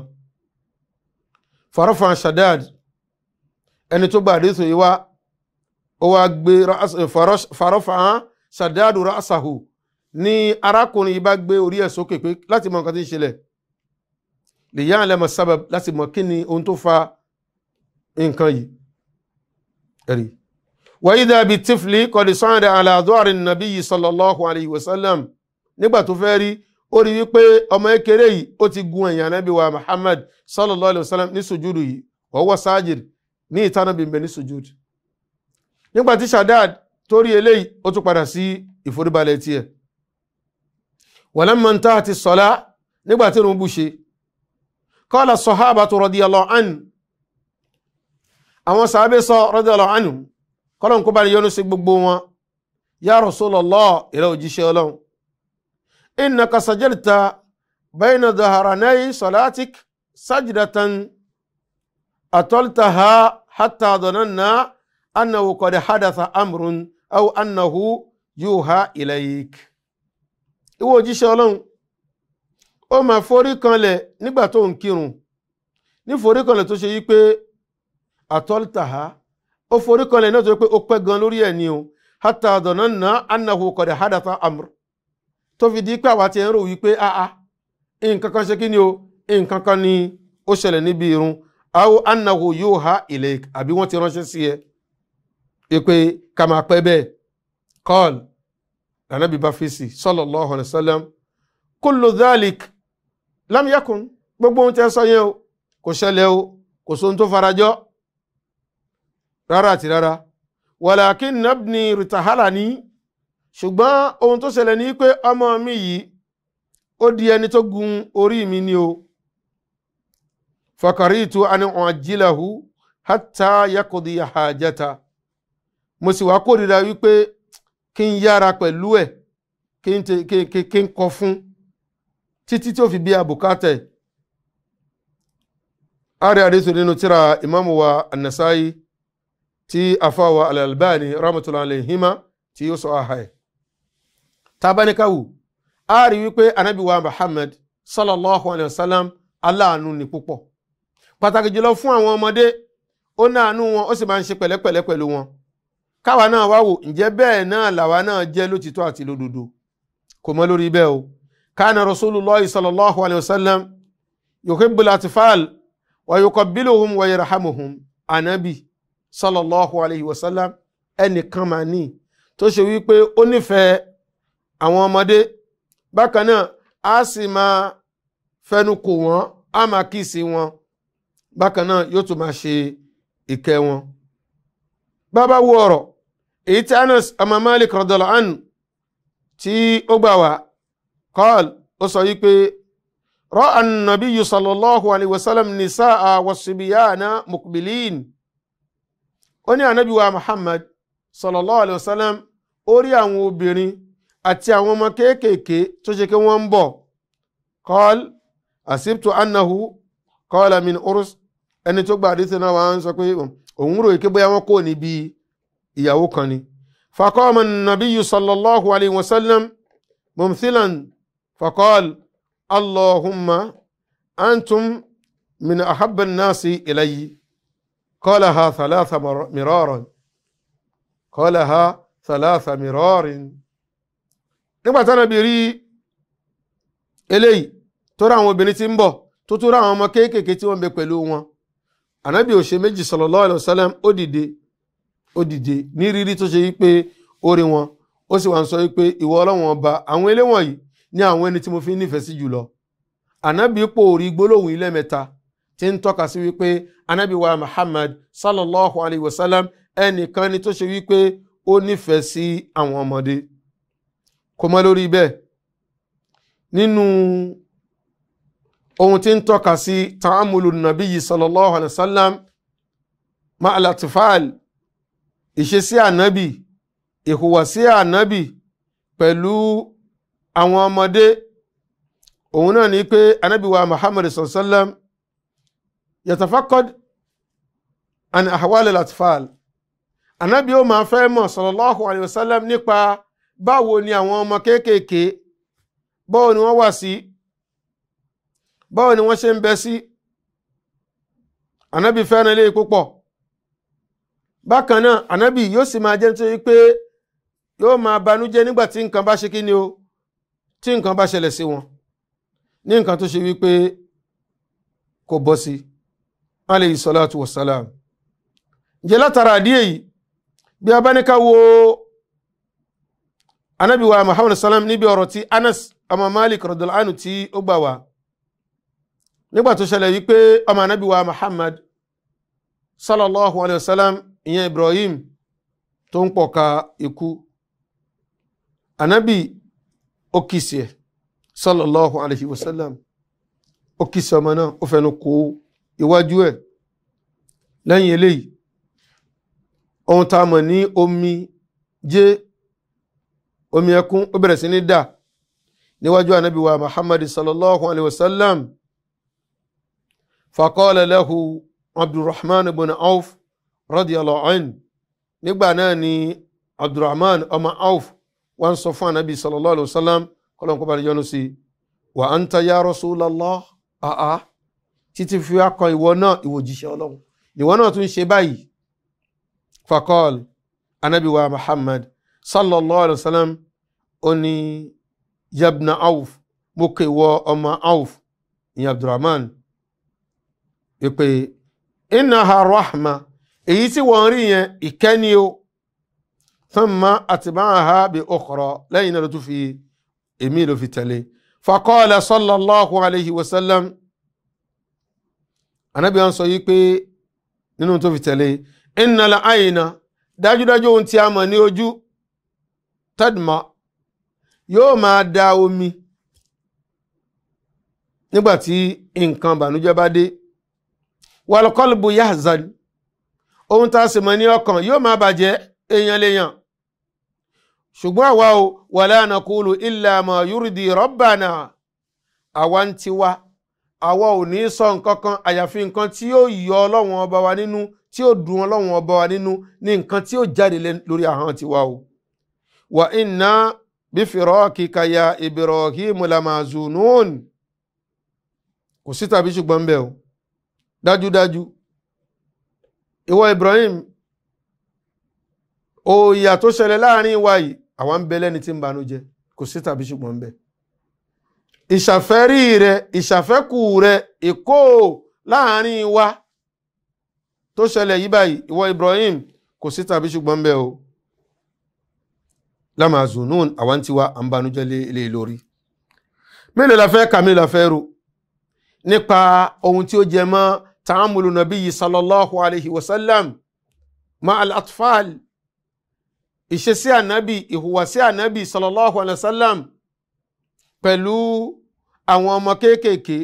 farafan shadad ẹni tó gba àdéhùn yìí wá ó wá gbé farafan shadad rasahu ní arákùnrin yìí bá gbé orí ẹ̀ sókè pé láti mọ nǹkan tí ń ṣẹlẹ̀ lè yá àlẹ́mọ̀ sábàb láti mọ̀ kí ni ohun tó fa nǹkan yìí ẹ̀rí wàyídà bí tífìlì kọ̀dí sọ́ọ̀dà aláàdúrà nàbí yìí sallallahu alayhi wa sallam nígbà tó fẹ́ rí ó rí wípé ọmọ kékeré yìí ó ti gun ẹ̀yìn ànábì wa Muhammad sallallahu alayhi wa sallam ní sùjúdù yìí ọwọ́ sáàjìr ní ìtànàbì mbẹ ní sùjúdù nígbà tí kọ́lá sọ̀hábà tó radiyallahu anhu àwọn sàábé sọ radiyallahu anhu kọ́lọ̀n kó bá ní yọ́nú sí gbogbo wọn ya Rasulullah ìrẹ́ òjíṣẹ́ ọlọ́run innaka sajadta bayna dhahranayi salatik sajdatan atoltaha hatta dhananna annahu qad hadatha amrun aw annahu yuha ilayk ìwọ òjíṣẹ́ ọlọ́run ó máa forí kanlẹ̀ nígbà tó ń kírun ní forí kanlẹ̀ tó ṣe yí pé àtọ́lítàá ó forí kanlẹ̀ náà tó yẹ pé ó pẹ́ gan lórí ẹ̀ ni o hátà àdọ̀nà náà annahu kọ̀dẹ̀ hádàtà tó fi di pé àwa ti ń rò wípé aa nǹkan kan ṣe kí ni o nǹkan kan ni ó ṣẹlẹ̀ níbi irun aw annahu yóò ha ilẹ̀ àbí wọ́n ti ránṣẹ́ sí ẹ lámìyẹ́kùn gbogbo ohun tẹ́ sọ yẹn o kò ṣẹlẹ̀ o kò sóhun tó farajọ́ rárá àti rárá wàlàkín nabni ritahala ní ṣùgbọ́n ohun tó ṣẹlẹ̀ ní pé ọmọ mi yìí ó di ẹni tó gun orí mi ni o fakaritu ani ọ̀nàjílàhù hátà yakodi hajata mo sì wá kórìíra wípé kí n yára pẹ̀lú ẹ̀ kí n kọ fún títí tí ó fi bí abùkátẹ̀ ààrẹ àdéṣò nínú tíra ìmáàmù wa anasai tí afáwa alalbani rahmatullahi alayhima tí ó sọ àhà ẹ̀ tabanikawu ààrẹ wípé anabiwa muhammad sallallahu alayhi wa sallam aláàánú ni púpọ̀ pàtàkì jùlọ fún àwọn ọmọdé ó náànú wọn ó sì máa ń ṣe pẹ̀lẹ́pẹ̀lẹ́ pẹ̀lú wọn káwa náà wá wò ǹjẹ́ bẹ́ẹ̀ náà làwa náà jẹ́ lótìtọ́ àti lódodo kò mọ́ lórí bẹ́ẹ̀ o كان رسول الله صلى الله عليه وسلم يحب الأطفال ويقبلهم ويرحمهم ànábì sallallahu alayhi wa sallam ẹnìkan máa ní tó ṣe wípé ó nífẹ̀ẹ́ àwọn ọmọdé bákan náà a sì máa fẹnu kò wọ́n a máa kíìsì wọn bákan náà yóò tún máa ṣe ìkẹ́ wọn. bàbá wo ọ̀rọ̀ èyí tí Anas ọmọ Malik radallahu anhu tí ó gbà wá kọ́l ó sọ yí pé rọ́à nàbíyù sallallahu alayhi wa sallam nisaa wa sibiyana mukbilin ó ní ànábì wa Muhammad sallallahu alayhi wa sallam ó rí àwọn obìnrin àti àwọn ọmọ kéékèèké tó ṣe kí wọ́n ń bọ̀ kọ́l àsìbtò annahu kọ́l amin urus ẹni tó gba àdìsí náà wà ń sọ pé òun rò wípé bóyá wọ́n kò níbi ìyàwó kan ni. fakọ́mọ̀ nàbíyù sallallahu alayhi wa sallam mumthilan فقال اللهم أنتم من أحب الناس إلي قالها ثلاث مرارا قالها ثلاث مرار nígbà tí Ànábì rí eléyìí tó rá àwọn obìnrin ń bọ̀ tó tó rá àwọn ọmọ kéékèèké tí wọ́n ń bẹ pẹ̀lú wọn Ànábì ò méjì sallallahu alaihi wasallam ó dìde ó dìde ní rírí tó ṣe wípé ó rí wọn ó sì wá ní àwọn ẹni tí mo fi nífẹ̀ẹ́ sí jùlọ ànábì pòórí gbólóhùn ilé mẹ́ta tí ń tọ́ka sí wípé ànábì wa Muhammad sallallahu alayhi wa sallam ẹnìkan ni tó ṣe wípé ó nífẹ̀ẹ́ sí àwọn ọmọdé kò mọ́ lórí bẹ́ẹ̀ nínú ohun tí ń tọ́ka sí ta'amulu nabiyyi sallallahu alayhi wa sallam ma'alatifal ìṣesí ànábì ìhùwàsí ànábì pẹ̀lú àwọn ọmọdé òun náà ni pé anábìwa muhammad sallam yatafakad an ahwal al-atfal ó máa fẹ́ mọ̀ sallallahu alayhi wa sallam nípa báwo ni àwọn ọmọ kéékèèké báwo ni wọ́n wà sí báwo ni wọ́n ṣe ń bẹ sí anábì fẹ́ràn ilé púpọ̀ bákan náà anábì yóò sì máa jẹ́ nítorí pé yóò máa banújẹ́ nígbà tí nǹkan bá ṣe kí ni o tí nǹkan bá ṣẹlẹ̀ sí wọn ní nǹkan tó ṣe wípé kò bọ́ sí alayhi salatu wassalam ǹjẹ́ látara àdíyẹ yìí bí a bá ní ká wo Ànábì wa Muhammad salam níbi ọ̀rọ̀ tí Anas ọmọ Malik radhiyallahu anhu tí ó gbà wá nígbà tó ṣẹlẹ̀ wípé ọmọ Ànábì wa Muhammad sallallahu alayhi wa sallam ìyẹn Ibrahim tó ń pọ̀ka ikú Ànábì ó kìsì ẹ̀ sallallahu alayhi wa sallam ó kìsì ọmọ náà ó fẹnu kó iwájú ẹ̀ lẹ́yìn eléyìí ohun tá a mọ̀ ní omi jẹ́ omi ẹkún ó bẹ̀rẹ̀ sí ní dà níwájú ànábì wa muhammad sallallahu alayhi wa sallam faqala lahu abdulrahman ibn auf radiyallahu anhu nígbà náà ni abdulrahman ọmọ auf wọ́n sọ fún anabi sallallahu alayhi wa sallam kọ́lọ́n kó bá yọnu sí i wa anta ya rasulallah àá títí fi akọ ìwọ náà ìwọ jíṣẹ́ ọlọ́run ìwọ náà tún ṣe báyìí fakọ́l anabi wa muhammad sallallahu alayhi wa sallam ó ní yabna auf mo kè wọ ọmọ auf ní abdulrahman wípé innaha rahma èyí tí wọ́n rí yẹn ìkẹ́ni o thumma atba'aha bi ukhra lẹ́yìn náà ló tún fi èmi ló fi tẹ̀lé faqala sallallahu alayhi wa sallam anabi wọn sọ yìí pé nínú tó fi tẹ̀lé innal ayna dájúdájú ohun tí a mọ̀ ní ojú tadma yóò máa da omi nígbàtí nǹkan bànújẹ́ bá dé wal qalbu yahzan ohun tá a sì mọ̀ ní ọkàn yóò máa bàjẹ́ èèyàn lèèyàn ṣùgbọ́n àwa o wala naqulu illa ma yurdi rabbana àwa ń tiwa àwa ò ní sọ nǹkan kan àyàfi nǹkan tí yóò yọ ọlọ́run ọba wa nínú tí yóò dùn ọlọ́run ọba wa nínú ní nǹkan tí yóò jáde lórí ahọ́n tiwa o wa inna bifiraqika ya Ibrahim lamazunun kò sí tàbí ṣùgbọ́n bẹ́ẹ̀ o dájúdájú ìwọ Ibrahim òòyà tó ṣẹlẹ̀ láàrin wa yìí àwa ń bẹ lẹ́ni tí ń banú jẹ́ kò sí tàbí ṣùgbọ́n ń bẹ ìṣàfẹ́rí rẹ ìṣàfẹ́kù rẹ ìkó láàrin wa tó ṣẹlẹ̀ yìí báyìí ìwọ Ibrahim kò sí tàbí ṣùgbọ́n ń bẹ o lamazunun àwa ń tiwa à ń banújẹ́ lé lórí mélòó la fẹ́ kà mélòó la fẹ́ rò nípa ohun tí ó jẹ mọ́ ta'amulu nabiyyi sallallahu alayhi wa sallam ma al ìṣesí ànábì ìhùwàsí ànábì sallallahu alayhi pẹ̀lú àwọn ọmọ kéékèèké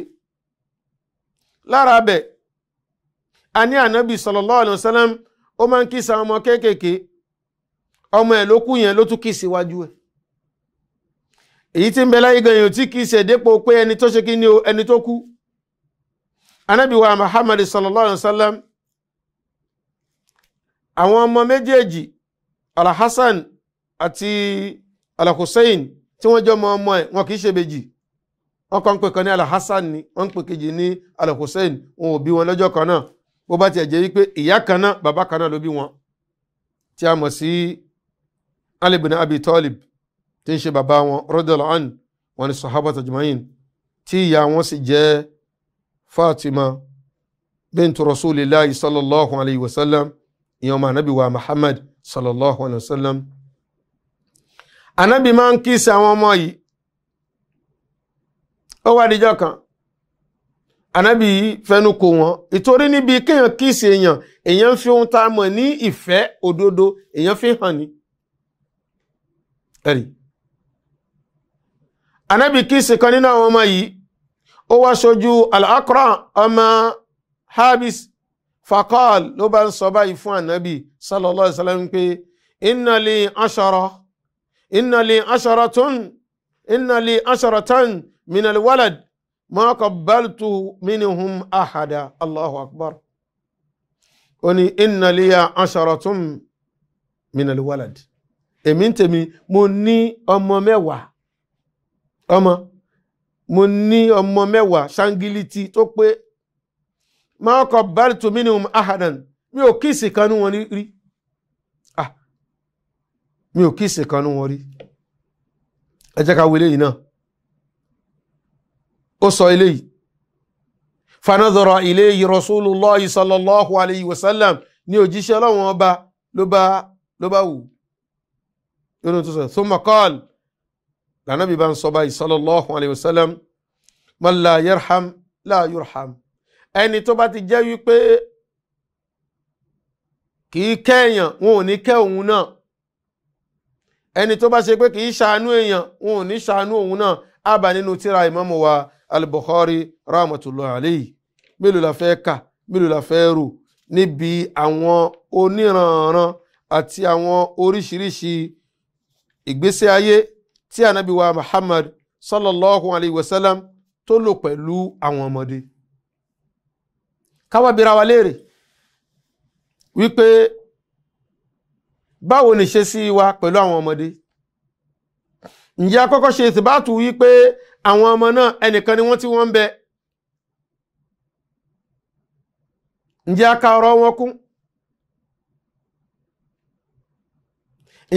lára bẹ̀ a ní ànábì sallallahu alayhi wa ó máa ń kí ọmọ kéékèèké ọmọ ẹ̀ ló kú yẹn ló tún kí ẹ̀ èyí tí ń bẹ láyé gan tí kì í wa ọmọ méjèèjì alhassan àti alhussein tí wọ́n jọ mọ ọmọ ẹ̀ wọn kì í ṣe bèjì wọ́n kàn ń pè kan ní alhassan ni wọ́n ń pè kejì ní alhussein wọn ò bí wọn lọ́jọ́ kan náà bó bá tiẹ̀ jẹ́ wípé ìyá kan náà bàbá kan náà ló bí wọn tí a mọ̀ sí ali bin abi talib tí ń ṣe bàbá wọn radiyallahu wọn ni sahaba tajmain tí ìyá wọn sì jẹ́ fatima bintu rasulillahi sallallahu alayhi wa sallam ìyẹn ọmọ anabi muhammad sallallahu alayhi wa sallam anábì máa ń kíìsì àwọn ọmọ yìí ó wá díjọ́ kan anábì fẹnu kò wọ́n ìtorí níbi kéèyàn kíìsì èèyàn èèyàn fi ohun tá a mọ̀ ní ìfẹ́ òdodo èèyàn fi hàn ní ẹ̀rí anábì kíìsì kan nínú àwọn ọmọ yìí ó wá ṣojú al ọmọ habis fakọ́l ló bá ń sọ báyìí fún ànábì sallallahu alaihi wasallam pé innali ashara innali asharatun innali asharatan minal walad ma qabbaltu minhum ahada allahu akbar ó ní innali asharatun minal walad èmi ń tèmi mo ní ọmọ mẹ́wàá ọmọ mo ní ọmọ mẹ́wàá ṣáńgílítì tó pé ma qabbaltu minhum ahadan mi ò kíìsì kan nú wọn rí ah mi ò kíìsì kan nú wọn rí ẹ jẹ́ ká wo eléyìí náà ó sọ eléyìí fanadara ilayhi rasulullahi sallallahu alayhi wa sallam ní òjíṣẹ́ ọlọ́wọ́n ọba ló bá wù lónìí tó sọ thumma qala lànà bí bá ń sọ báyìí sallallahu alayhi wa sallam man la ẹni tó bá ti jẹ́ wípé kì í kẹ́ èèyàn wọn ò ní kẹ́ òun náà ẹni tó bá ṣe pé kì ṣàánú èèyàn wọn ò ní ṣàánú òun náà á bà nínú tíra ìmáàmù wa al-Bukhari rahmatullahi alayhi mélòó la fẹ́ kà mélòó la fẹ́ rò níbi àwọn oníranran àti àwọn oríṣiríṣi ìgbésí ayé tí ànábì wa Muhammad sallallahu alayhi wa sallam tó lò pẹ̀lú àwọn ọmọdé. káwá bira wa léèrè wípé báwo ni ṣe sí wa pẹ̀lú àwọn ọmọdé ǹjẹ́ akọ́kọ́ ṣe ìsìbáàtù wípé àwọn ọmọ náà ẹnìkan ni wọ́n tí wọ́n ń bẹ ǹjẹ́ aka ọ̀rọ̀ wọn kún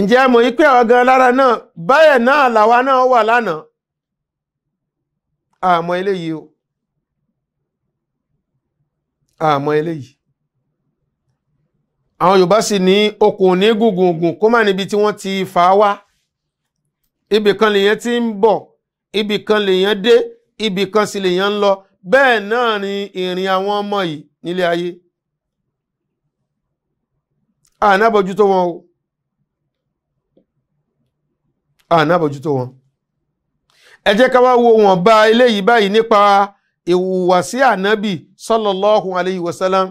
ǹjẹ́ mọ̀ yí pé àwọn gan lára náà báyẹ̀ náà làwa náà wà lánàá àmọ́ eléyìí o. àmọ́ eléyìí àwọn yorùbá sì ní okùn ní gùngùngùn kó má níbi tí wọ́n ti fà á wá ibì kan lèèyàn ti ń bọ̀ ibì kan lèèyàn dé ibì kan sì lèèyàn ń lọ bẹ́ẹ̀ náà ni ìrìn àwọn ọmọ yìí nílé ayé ànábọ̀jútó wọn o ànábọ̀jútó wọn ẹ jẹ́ ká wá wo wọn bá eléyìí báyìí nípa ìhùwàsí ànábì sallallahu alayhi wa sallam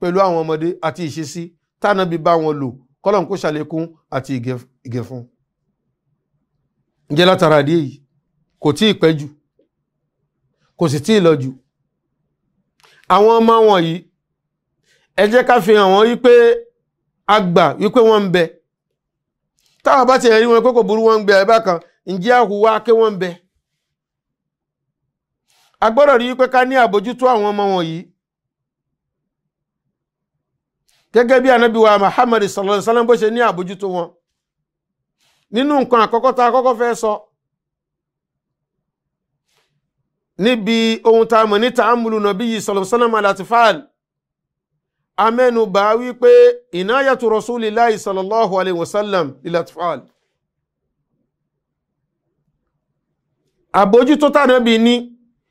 pẹ̀lú àwọn ọmọdé àti ìṣesí tànábì bá wọn lò kọ́lọ̀n kó ṣàlékún àti ìgẹ̀fún. ǹjẹ́ látara àdé yìí kò tí ì pẹ́ jù kò sì tí ì lọ jù. àwọn ọmọ wọ̀nyí ẹ jẹ́ ká fi hàn wọ́n wípé a gbà wípé wọ́n ń bẹ táwọn bá ti rí wọn pé kò burú wọn ń bẹ ẹ bá kan ǹjẹ́ àhùwà kí wọ́n ń bẹ a gbọ́dọ̀ rí pé ká ní àbójútó àwọn ọmọ wọ̀nyí gẹ́gẹ́ bí ànábì wa Muhammad sallallahu alaihi wasallam bó ṣe ní àbójútó wọn nínú nǹkan àkọ́kọ́ tá a kọ́kọ́ fẹ́ sọ níbi ohun tá a mọ̀ ní ta'amulu nabiyyi sallallahu alaihi wasallam alatifal amẹ́nubà wípé inayatu rasulillahi sallallahu alaihi wasallam lilatifal àbójútó tànábì ní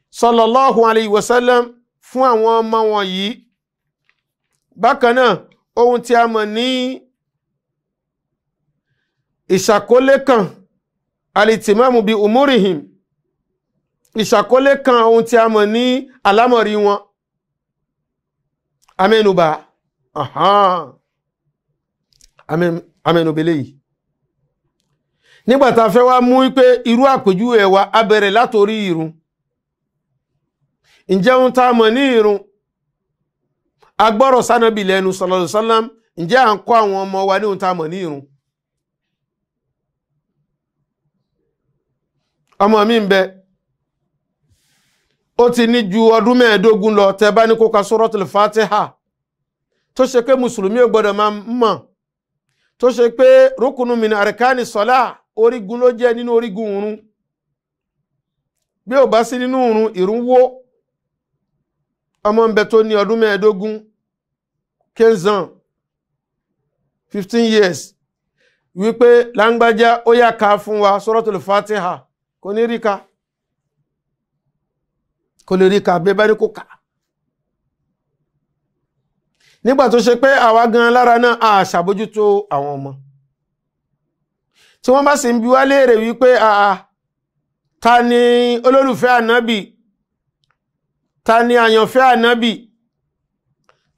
sallallahu alayhi wa sallam fún àwọn ọmọ wọ̀nyí bákan náà ohun tí a mọ̀ ní ìṣàkólé kan alìtìmọ́mù bíi umurihim ìṣàkólé kan ohun tí a mọ̀ ní alámọ̀rí wọn amẹ́nubà amẹ́nubélé yìí nígbàtà fẹ́ wá mú wípé irú àpèjúwe wa abẹ̀rẹ̀ látorí ìrun ǹjẹ́ ohun tá a mọ̀ ní irun agbọ́rọ̀ sánàbì lẹ́nu sallallahu alaihi ǹjẹ́ à ń ọmọ wa ní ohun tá irun ọmọ mi ń bẹ ó ti ní ju ọdún mẹ́ẹ̀ẹ́dógún lọ tẹ bá ní kó ka Fatiha tó ṣe pé mùsùlùmí ò gbọ́dọ̀ máa mọ̀ tó ṣe pé rúkùnù min arkani sọlá orígun ló jẹ́ nínú orígun ọmọ ń bẹ tó ní ọdún mẹ́ẹ̀ẹ́dógún quinze ans fifteen years wípé láńgbájá ó yá ka fún wa suratul Fatiha kò ní rí ka kò lè rí ka bẹ́ẹ̀ bá rí kó kà á nígbà tó ṣe pé àwa gan lára náà a ṣàbójútó àwọn ọmọ tí wọ́n bá sì ń bi wá léèrè wípé àà ta ni olólùfẹ́ ànábì ta ni àyànfẹ́ ànábì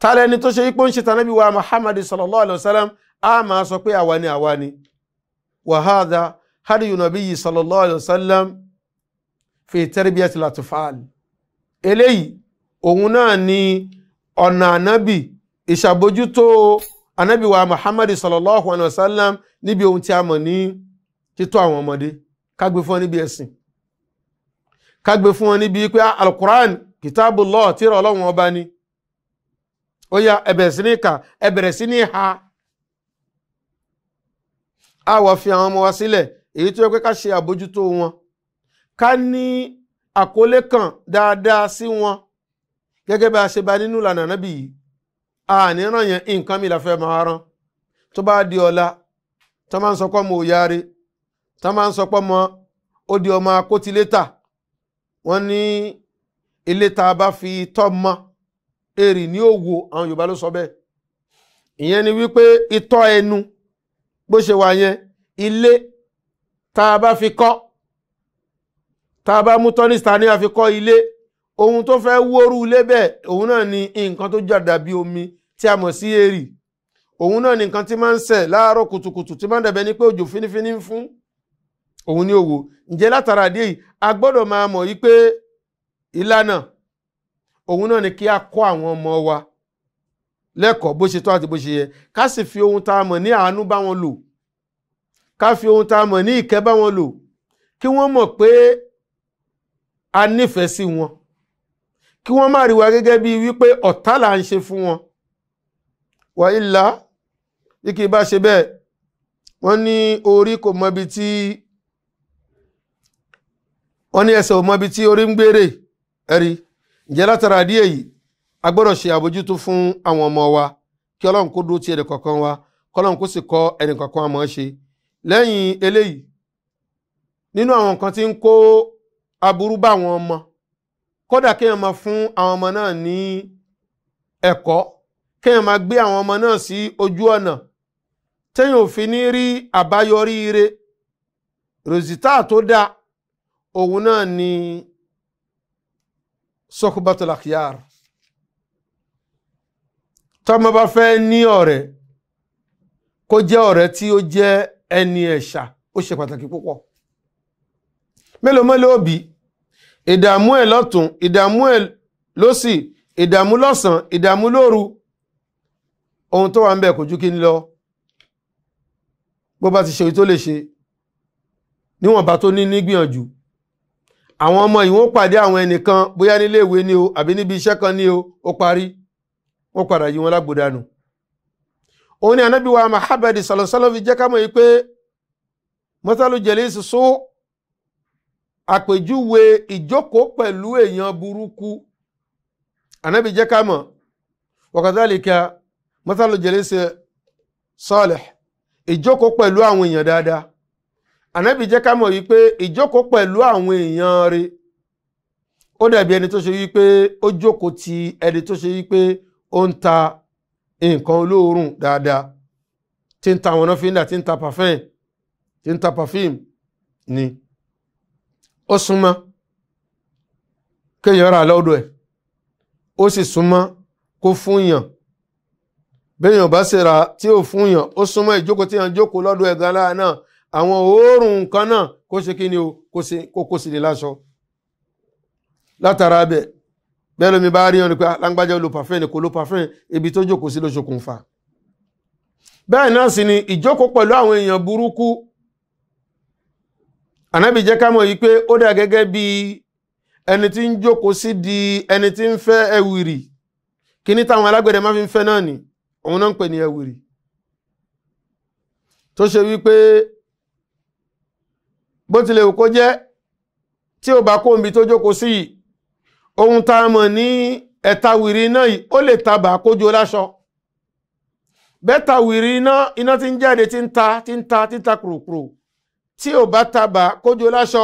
ta lẹni tó ṣe ipò ń ṣe tànábì wa muhammad sallallahu alayhi wa sallam a máa sọ pé àwa ni àwa ni wàhádà hadiyu nabiyyi sallallahu alayhi wa sallam fi tarbiyati latifal eléyìí òun náà ni ọ̀nà ànábì ìṣàbójútó ànábì wa muhammad sallallahu alayhi wa sallam níbi ohun tí a mọ̀ ní títọ́ àwọn ọmọdé ká fún wọn níbi ẹ̀sìn ká fún wọn níbi pé ah, alukur'an kitabullah tírà ọlọ́run ọba ni ó ya ẹbẹ̀rẹ̀ si ni ka ẹbẹ̀rẹ̀ si ni ha a wá fi àwọn ọmọ wa sílẹ̀ èyí tó ka pé ká ṣe àbójútó wọn ká ní àkólé kan dáadáa si wọn gẹ́gẹ́ bá a ṣe bá nínú ìlànà náà bìí àníran yẹn nǹkan mi làfẹ́ máa rán tó bá di ọ̀la tó máa ń sọ pọ́ mọ òyàre tó máa ń sọ pọ́ ó di ọmọ akótilétà wọ́n ní. Ni ilé tá a bá fi tọ́mọ èrì ní òwò àwọn Yorùbá ló sọ bẹ́ẹ̀ ìyẹn ni wípé itọ́ ẹnu bó ṣe wà yẹn ilé tá a bá fi kọ́ tá a bá mú tọ́nìsítà ní àfikọ́ ilé ohun tó fẹ́ wóoru ilé bẹ́ẹ̀ òun ni nǹkan tó jàdà bí omi tí a mọ̀ sí èrì òun náà ni nǹkan tí máa ń sẹ̀ láàárọ̀ kùtùkùtù tí máa ń pé òjò fínífíní ń fún òun ní òwò ǹjẹ́ ìlànà òun náà ni kí a kọ́ àwọn ọmọ wa lẹ́kọ̀ọ́ bó ṣe tó àti bó ṣe yẹ ká sì fi ohun tá a mọ̀ ní àánú bá wọn lò ká fi ohun tá a mọ̀ ní ìkẹ́ bá wọn lò kí wọ́n mọ̀ pé a nífẹ̀ẹ́ sí wọn kí wọ́n má rí wa gẹ́gẹ́ bíi wípé ọ̀tá là ń ṣe fún wọn wà ilà bí kì í bá ṣe bẹ́ẹ̀ wọ́n ní orí kò mọbi tí wọ́n ní ẹsẹ̀ ò mọbi tí orí ń gbére ẹ̀rí ǹjẹ́ látara díẹ̀ yìí a gbọ́dọ̀ ṣe àbójútó fún àwọn ọmọ wa kí ọlọ́run kó dúró ti ẹnì kọ̀ọ̀kan wa kọ́lọ́run kó sì kọ́ ẹnì kọ̀ọ̀kan àmọ́ ṣe lẹ́yìn eléyìí nínú àwọn nkan ti ń kó aburú bá àwọn ọmọ kódà kéèyàn máa fún àwọn ọmọ náà ní ẹ̀kọ́ kéèyàn máa gbé àwọn ọmọ náà sí ojú ọ̀nà téèyàn ò fi ní rí àbáyọrí ire ni sọ́kùbátàlá kíyàr tọ́mọ bá fẹ́ ní ọ̀rẹ́ kó jẹ́ ọ̀rẹ́ tí ó jẹ́ ẹni ẹ̀ṣà ó ṣe pàtàkì púpọ̀ mélòó mélòó òbí ìdààmú ẹ̀ lọ́tún ìdààmú ẹ̀ lọ́sì ìdààmú lọ́sàn ìdààmú lóru ohun tó wà ń bẹ kò ju kí ń lọ bó bá ti ṣe èyí tó lè ṣe níwọ̀nba tó ní nígbìyànjú àwọn ọmọ yìí wọ́n pàdé àwọn ẹnìkan bóyá nílé ìwé ni o àbí níbi iṣẹ́ kan ni o ó parí wọ́n padà yí wọn lágbòdànù òun ni anábì wa Muhammad sọlọsọlọ fi jẹ́ ká mọ̀ yìí pé mọ́sálù jẹ̀lé ìsúsú àpèjúwe ìjókòó pẹ̀lú èèyàn burúkú anábì jẹ́ ká mọ̀ wakadhalika mọ́sálù jẹ̀lé sọ́ọ̀lẹ̀ ìjókòó pẹ̀lú àwọn èèyàn dáadáa ànábì jẹ́ ká mọ̀ wípé ìjókòó pẹ̀lú àwọn èèyàn rẹ̀ ó dàbí ẹni tó ṣe wípé ó ti ẹni tó ṣe wípé ó ń ta nǹkan olóòórùn dáadáa tí ń ta àwọn nọ́fíńdà tí ń ta tí ń ta ni ó súnmọ́ kéèyàn rà lọ́dọ̀ ẹ̀ ó sì súnmọ́ kó fúnyàn béèyàn bá ṣe ra tí ò fúnyàn ó súnmọ́ ìjókòó tí yàn lọ́dọ̀ ẹ̀ gan àwọn oorun nǹkan náà kó se kí ni o kó kó latara láṣọ látara bẹ̀ bẹ́ẹ̀ lómi bá rí ọ ni pé alágbájá ah, ni kò ibi tó kò sí ló ṣokùnfà bẹ́ẹ̀ náà sì ni ìjókòó pẹ̀lú àwọn èèyàn burúkú ànábì jẹ́ ká ẹni tí ń jókòó ẹni tí ń ẹwìrì kíní táwọn fi ń náà ni òun náà ń bó tilẹ̀ wù kó jẹ́ tí ó bá kó omi tó jókòó sí yìí ohun tá a mọ̀ ní ẹ̀ta wìrì iná yìí ó lè tabà kójú láṣọ bẹ́ta wìrì iná iná ti ń jáde ti ń ta ti ń ta ti ń ta kùrùkùrù tí ò bá tabà kójú láṣọ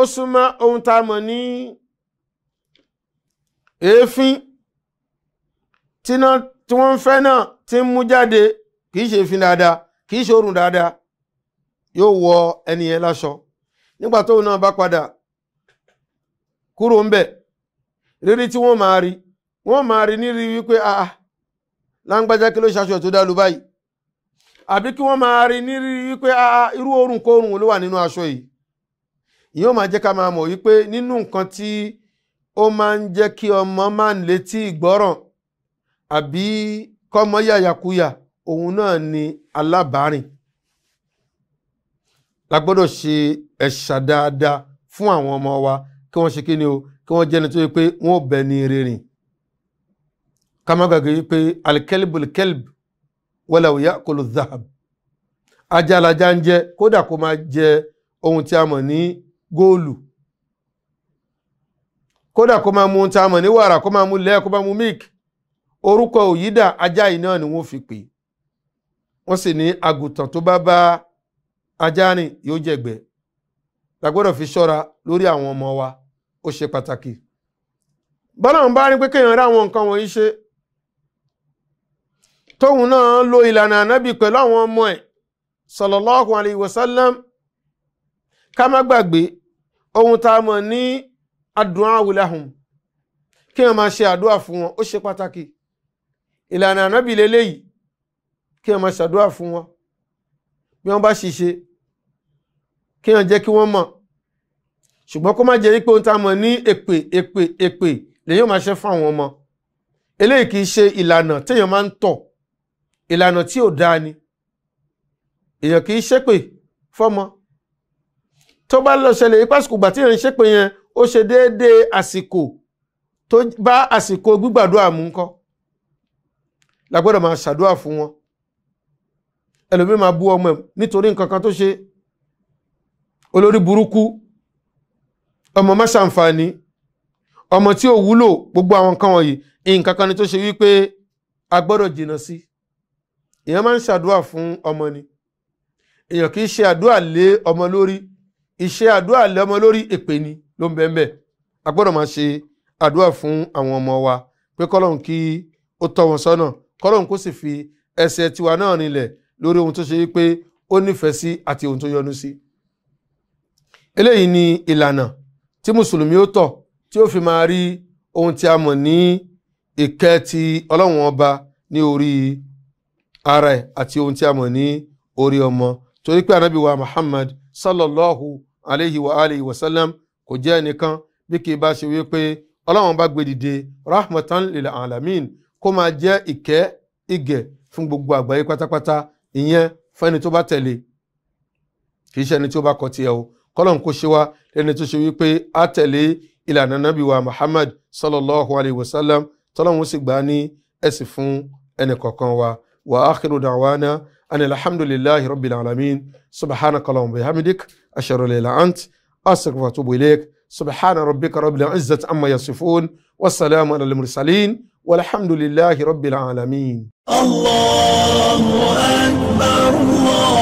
ó súnmọ́ ohun tá mọ̀ ní èéfín tí wọ́n ń fẹ́ náà ti ń mú jáde kì í ṣe èéfín dáadáa kì í ṣe òórùn dáadáa yóò wọ ẹni yẹn láṣọ nígbà tóun náà bá padà kúrò ń bẹ̀ rírí tí wọ́n máa rí wọ́n máa rí nírí wípé àá láńgbájá kí ló ṣaṣọ tó dá lu báyìí àbí kí wọ́n máa rí nírí wípé àá irú orun kórun ló wà nínú aṣọ yìí ìyóò máa jẹ́ ká máa mọ̀ wípé nínú nǹkan tí ó máa ń kí ọmọ máa ń létí àbí òun náà ni la gbọ́dọ̀ ṣe ẹ̀ṣà dáadáa fún àwọn ọmọ wa kí wọ́n ṣe kí ni o kí wọ́n jẹ́ni tó yẹ pé wọ́n bẹ̀ ní eré ká má gbàgbé wípé alikẹ́lìbùlikẹ́lìb wala ya'kulu zahab ajálajá ń jẹ kódà kó máa jẹ ohun tí a mọ̀ ní góòlù kódà kó máa mu ohun tí a mọ̀ ní wàrà kó máa mu lẹ́ẹ̀ kó máa mu mílìkì orúkọ òyídà ajá yìí náà ni wọ́n fi pè wọ́n sì ní àgùntàn tó bá bá ajá rìn yóò jẹ̀gbẹ́ la gbọ́dọ̀ fi ṣọ́ra lórí àwọn ọmọ wa ó ṣe pàtàkì bọ́lá ń bá rí pé kéèyàn rí àwọn nǹkan wọ̀nyí ṣe tóun náà lo ìlànà ànábì pẹ̀lú àwọn ọmọ ẹ̀ sallallahu alayhi wa sallam ká má gbàgbé ohun tá a mọ̀ ní àdúà lahum kéèyàn máa ṣe àdúà fún wọn ó ṣe pàtàkì ìlànà ànábì lélẹ́yìí kéèyàn máa ṣàdúà fún wọn bí wọ́n bá ṣiṣẹ́ kí wọ́n jẹ́ kí wọ́n mọ̀ ṣùgbọ́n kó má jẹ́ wípé ohun tá a mọ̀ ní èpè èpè èpè lèyìn máa ṣe fún àwọn ọmọ eléyìí kì í ṣe ìlànà téèyàn máa ń tọ̀ ìlànà tí ò dáa ni èèyàn kì í ṣépè fọ́mọ tó bá lọ ṣẹlẹ̀ ipá àsìkò ìgbà téèyàn ń ṣépè yẹn ó ṣe déédéé àsìkò tó bá àsìkò gbígbàdúrà mú ńkọ́ la gbọ́dọ̀ máa ṣàdúrà fún wọn ẹlòmíín máa bú ọmọ ẹ̀ nítorí nǹkan kan tó ṣe olórí burúkú ọmọ má ṣàǹfààní ọmọ tí ò wúlò gbogbo àwọn nǹkan wọ̀nyí nǹkan kan ni tó ṣe wípé a gbọ́dọ̀ jìnnà sí èèyàn máa ń ṣàdúrà fún ọmọ ni èèyàn kì í ṣe àdúrà lé ọmọ lórí ìṣe àdúrà lé ọmọ lórí èpè ni ló ń bẹ́ẹ̀ bẹ́ẹ̀ a gbọ́dọ̀ máa ṣe àdúrà fún àwọn ọmọ wa pé kọ́lọ́hún kí ó tọ́ wọn sọ́nà kọ́lọ́hún kó sì fi ẹsẹ̀ tiwa náà rinlẹ̀ lórí ohun tó ṣe wípé ó nífẹ̀ẹ́ sí àti ohun tó yọ́nú sí eléyìí ni ìlànà tí mùsùlùmí ó tọ̀ tí ó fi máa rí ohun tí a mọ̀ ní ìkẹ́ ti ọlọ́run ọba ní orí ara ẹ̀ àti ohun tí a mọ̀ ní orí ọmọ torí pé ànábì wa Muhammad sallallahu alayhi wa alayhi wa sallam kò jẹ́ ẹnìkan bí kì í bá ṣe wípé ọlọ́run ọba gbé rahmatan lil alamin kó máa jẹ́ ìkẹ́ ìgẹ̀ fún gbogbo àgbáyé pátápátá ìyẹn fẹ́ni tó bá tẹ̀lé kì í ṣe ẹni tí ó bá kọ̀ tiẹ̀ o kọ́lọ̀ kó ṣe wá lẹ́ni tó ṣe wípé a tẹ̀lé ìlànà nábì wa Muhammad sallallahu alayhi wa sallam tọ́lọ́hún sì gbà ní ẹ̀sìn fún ẹnì kọ̀ọ̀kan wa wa akhiru da'wana an alhamdulillahi rabbil alamin subhanakallahumma bihamdik ashhadu an la ilaha illa ant astaghfiruka wa atubu ilayk subhana rabbika rabbil izzati amma yasifun wassalamu ala mursalin والحمد لله رب العالمين الله أكبر الله